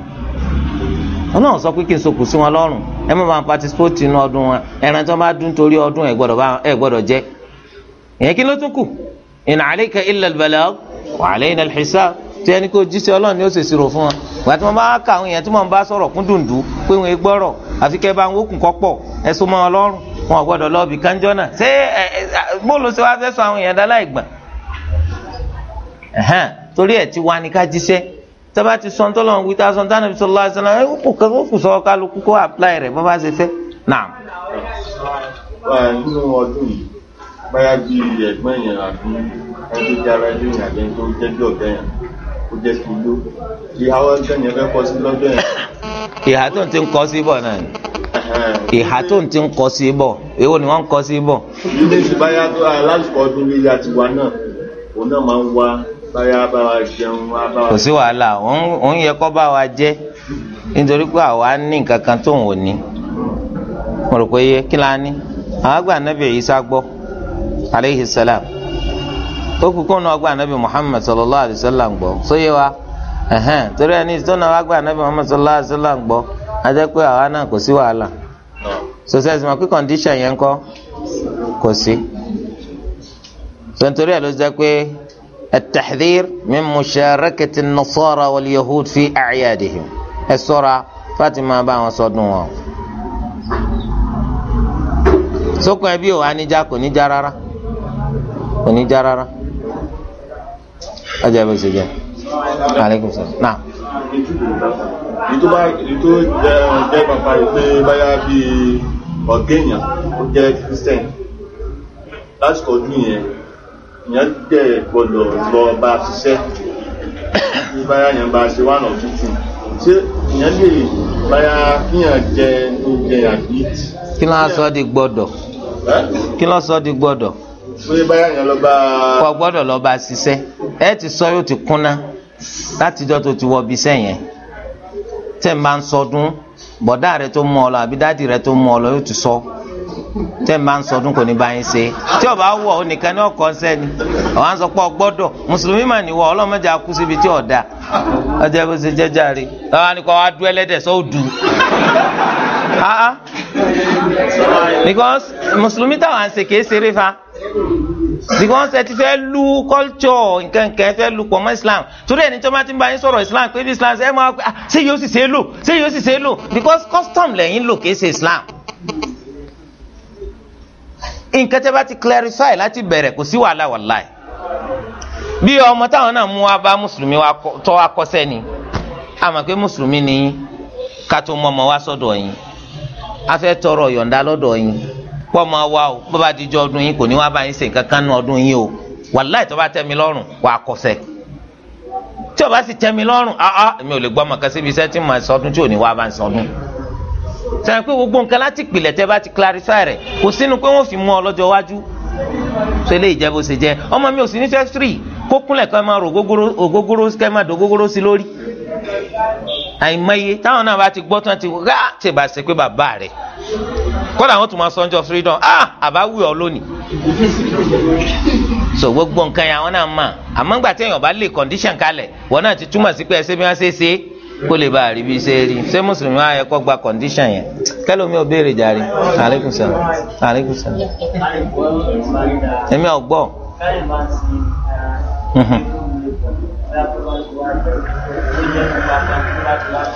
ọlọ́run sọ pé kí n sokùn sí wọn lọ́rùn ẹ má bàa patisipóòtì inú ọdún ẹran tí wọ́n bá dún torí ọdún ẹ gbọ́dọ̀ jẹ ìyẹn kí ló tún kù in alayka ilẹ̀ al-balagh wa alayna al-hisab tí ẹni kó jíṣẹ́ Ọlọ́run ni ó ṣèṣì rò fún wọn ìgbà tí bá kà yẹn tí bá sọ̀rọ̀ kún dùndú pé gbọ́rọ̀ àfi bá kún mọ́ Ọlọ́run wọn gbọ́dọ̀ lọ ṣé tọ́ba ti sọ ntọ́lọ́ wí tá a sọ ntọ́lọ́ fi sọlá ṣẹlẹ̀ ẹ kò kẹ́ kó kù sọ kálukú kó apply rẹ̀ bọ́ba ṣe fẹ́ náà. nínú ọdún yìí báyà bí ẹ̀gbọ́n yẹn àbí ẹni tó jára ẹni tó yàn tó jẹ́ bí ọ̀gá yẹn kó jẹ́ kí ló ìhà ọ̀gá yẹn fẹ́ kọ́ sí lọ́dọ̀ yẹn. ìhà tó ń ti ń sí bọ̀ náà ìhà tó ń ti ń sí bọ̀ èwo ni wọ́n ń kọ́ sí bọ̀. ilé ìsìnbáyà tó aláṣọ ọdún líle àtiwá náà báyà bá wa wa. kò sí wàhálà òun yẹ kó bá wa jẹ nítorí pé àwa ní nǹkan kan tó ń wò ní mo rò pé Muhammad sallallahu alayhi wa sallam gbọ́ wa torí ẹni tó náà àgbà Muhammad sallallahu alayhi wa sallam gbọ́ pé àwa náà kò sí wàhálà pé yẹn ń kò التحذير من مشاركة النصارى واليهود في أعيادهم السورة فاتمة بان وصدنوا sókun ẹbí ò anijá kò ní já rárá kò ní já rárá ọjà ìbùsùn jẹ aleykum salaam naa. ètò bá ètò jẹ pàpà rẹ pé báyà bíi ọ̀gẹ́yìn ó jẹ́ christian lásìkò ọdún yẹn èèyàn dẹ̀ gbọ́dọ̀ lọ bá a ṣiṣẹ́ bí báyà yẹn bá a ṣe wà náà tútù ṣé èèyàn lè báyà kíyàn jẹ oúnjẹ àbí. kí ló ń sọ di gbọ́dọ̀ kí ló ń sọ di gbọ́dọ̀. pé báyà yẹn lọ bá a. kò gbọ́dọ̀ lọ bá a ṣiṣẹ́ ẹ ti sọ yóò ti kúnná látijọ́ tó ti wọ bí sẹ́yìn tẹ̀ ń bá ń sọdún bọ̀dá rẹ tó mú ọ lọ àbí dáàdì rẹ tó mú ọ lọ yóò ti sọ. So tẹ́ ń bá ń sọdún kò ní bá yín ṣe tí ọba wọ̀ ọ nìkan ní ọkọ̀ ṣẹ́ ni ń sọ pé ọgbọ́dọ̀ mùsùlùmí mà níwọ̀ ọlọ́mọdé akú síbi tí ọ̀dà ọjọ́ bó ṣe jẹ́jà rí àwọn àníkọ́ wa dú ẹlẹ́dẹ̀ sọ́ dù because mùsùlùmí táwọn à ń ṣe kìí ṣeré fa because ẹ ti fẹ́ lu culture nkankan fẹ́ lu pọ̀ mọ́ islam torí ẹni tí wọ́n bá ti ń bá yín sọ̀rọ̀ islam pé islam ṣe é máa ah, ṣe yóò sì ṣe é lò ṣe yóò sì ṣe é lò because custom lẹ́yìn lò kìí ṣe islam nǹkan tẹ́ bá ti clarify láti bẹ̀rẹ̀ kò sí wàhálà wàláì bí ọmọ táwọn náà mú wa bá mùsùlùmí wa tọ́ wa kọ́sẹ́ ni àmọ́ pé mùsùlùmí ni ká tó mọ́ ọmọ wa sọ́dọ̀ yín a fẹ́ tọrọ yọ̀ǹda lọ́dọ̀ yín pọ́ ọmọ wa o bó bá dijọ́ ọdún yín kò ní wá bá yín ṣe nǹkan kan ọdún yín o wàláì tó bá tẹ́ mi lọ́rùn wà á kọ́sẹ́ tí o bá sì tẹ́ mi lọ́rùn ah ah èmi ò lè gbọ́ sẹ́yìn pé gbogbo nǹkan láti pìlẹ̀ tẹ́ bá ti clarify rẹ̀ kò sínú pé wọ́n fi mú ọ lọ́jọ́ iwájú so eléyìí jẹ́ bó ṣe jẹ́ ọmọ mi ò sí ní sẹ́sítírì kó kúnlẹ̀ kan máa rò ògógóró kẹ́ máa dògógóró sí lórí àìmọye táwọn náà bá ti gbọ́ tán ti rà tè bá ṣe pé bàbá rẹ̀ kọ́dà wọ́n tún máa sọ́njọ́ freedom ah àbá wù ọ́ lónìí so gbogbo nǹkan yẹn àwọn náà mà àmọ́ ngbà tí èèyàn bá lè condition kalẹ̀ wọ́n náà ti túmọ̀ sí pé ẹsẹ̀ bí wọ́n ṣe é ṣe é kó lè bá a rí bí ṣe rí ṣé mùsùlùmí á yẹ kó gba condition yẹn kẹlòmí ò béèrè jàre alaikum salaam alaikum salaam èmi ò gbọ́.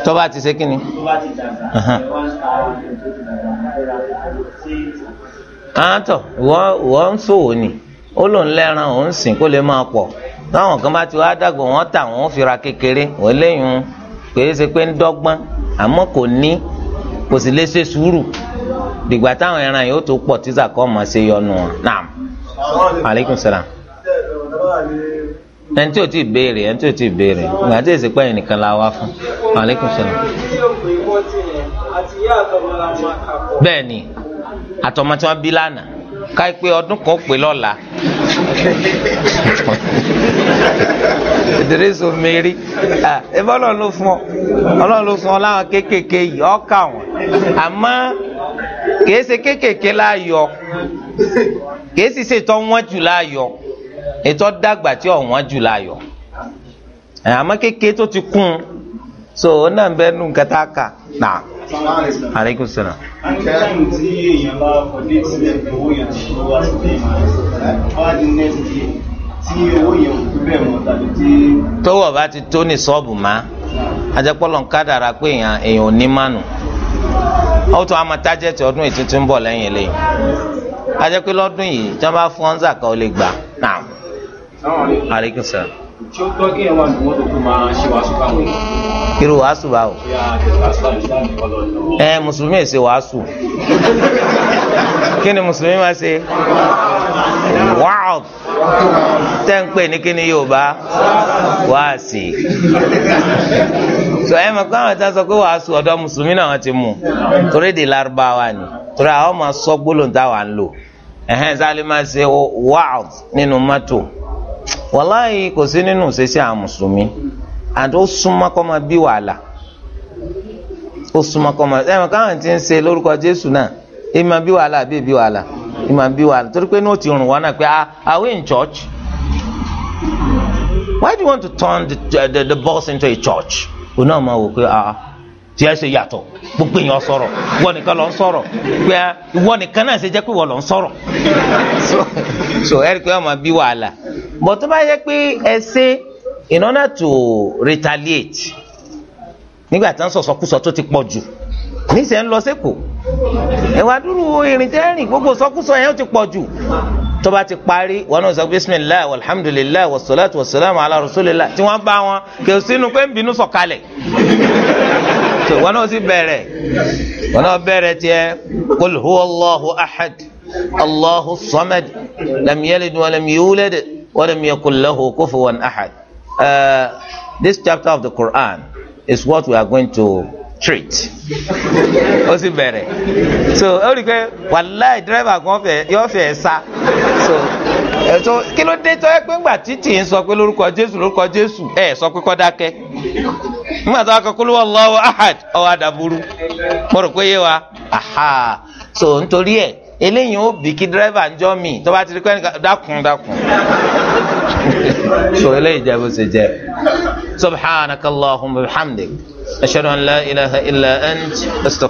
tọ́ba ti ṣe kínni. àtọ̀ wọ́n ń ṣòwò ni ó lòun lẹ́ran òun sìn kó lè máa pọ̀ táwọn kan bá ti wá dàgbò wọ́n tà wọ́n fira kékeré wọ́n léyìn kìí ṣe pé ń dọ́gbọ́n àmọ́ kò ní kò sì lè ṣe sùúrù dìgbà táwọn ẹran yìí ó tó pọ̀ ọmọ ṣe salaam ẹni tí o ti béèrè ẹni tí o ti béèrè ìgbà tí èsì la wá fún aleykum salaam. bẹ́ẹ̀ni àtọmọ tí wọ́n bí lánàá káyipé ọdún kan lọ́la. ìdírísù mẹ́rí ẹbí ọlọ́run ló fún ọ ọlọ́run ló fún ọ láwọn kéékèèké yìí ọkà wọn àmọ́ kìí ṣe kéékèèké láàyò kìí ṣe ìtọ́ wọn jù láàyò ìtọ́ dàgbà tí ọ̀wọ́n jù láàyò àmọ́ kéékèèké tó ti kún so ó náà bẹ́ẹ̀ nù nǹkan a kà tí owó ti tó ní sọ́ọ̀bù má ajẹ́pọ̀lọ́ kádàrá pé èèyàn èèyàn ò ní mánu ó tún àmọ́ tájẹ́tì ọdún yìí tuntun bọ̀ lẹ́yìn lẹ́yìn ajẹ́pẹ́ lọ́dún yìí tí wọ́n bá fún ọ́nzà kan ó lè gbà náà. ṣe wàásù irú wàásù báwo. ẹ mùsùlùmí ẹ̀ ṣe wàásù kí ni mùsùlùmí tẹ́ ń pè ní kíni yorùbá wáàsì so ẹ mọ̀ pé àwọn ìtàn sọ pé wàásù ọ̀dọ́ mùsùlùmí náà wọ́n ti mú torí di Lárúbáwá ni torí àwọn ọmọ sọ gbólóhùn táwa ń lò ẹ̀hẹ́n sálẹ̀ máa ṣe wáàd nínú mọ́tò wàláyé kò sí nínú ìṣesí àwọn mùsùlùmí àti ó súnmọ́ kọ́ máa bí wàhálà ó súnmọ́ ti ń ṣe lórúkọ Jésù náà ìmọ̀ bí wàhálà àbí ìbí wàhálà ìmọ̀ bí wàhálà torí pé ní o ti rùn wọn náà pé ah, are we in church? why do you want to turn the, the, the bus into a church? o náà máa wò pé ah, tí ẹ ṣe yàtọ̀ gbogbo èèyàn sọ̀rọ̀ ìwọ nìkan ló ń sọ̀rọ̀ pé ah, ìwọ nìkan náà ṣe jẹ́ pé ìwọ ló ń sọ̀rọ̀ so ẹ rí i pé ọmọ bí wàhálà but tó bá yẹ pé ẹ ṣe in order to retaliate nígbà tí wọ́n sọ̀sọ̀ kú sọ tó ti pọ̀ jù níṣẹ́ ń lọ sẹ́kọ̀ọ́ ẹ̀wà dúró irin tẹ́rìn gbogbo sọkúsọ yẹn ó ti pọ̀ jù tó ti parí wọn náà sọ bisimilayi alhamdulilayi wasalaatu wasalaamu ala rasulillah tí wọ́n bá wọn kò sínú pé ń bínú sọ̀kalẹ̀ wọn náà sì bẹ̀rẹ̀ wọn náà bẹ̀rẹ̀ tiẹ̀ qul allahu ahad allahu samad lam yalid wa lam yulad wa lam yakun lahu ahad. Uh, this chapter of the Quran is what we are going to treat ó sì bẹ̀rẹ̀ so ó rí i pé wàláì dírẹ́fà kan yóò fẹ́ sa so ẹ̀sọ́ kí ló dé tọ́ ẹ pé ńgbà títì ń sọ pé lórúkọ jésù lórúkọ jésù ẹ̀ sọ pé kọ́ dákẹ́ ńgbà tó akọ kúlúwọ̀ lọ́wọ́ ahad ọ̀hádàbúrú mo rò pé yé wa aha so nítorí ẹ̀ eléyìí ó bì kí dírẹ́fà ń jọ́ mi tó bá ti rí pẹ́ẹ́nì dákun dákun so eléyìí jẹ́ bó ṣe jẹ́ subhanakallahumma bihamdik ashhadu an la ilaha illa ant.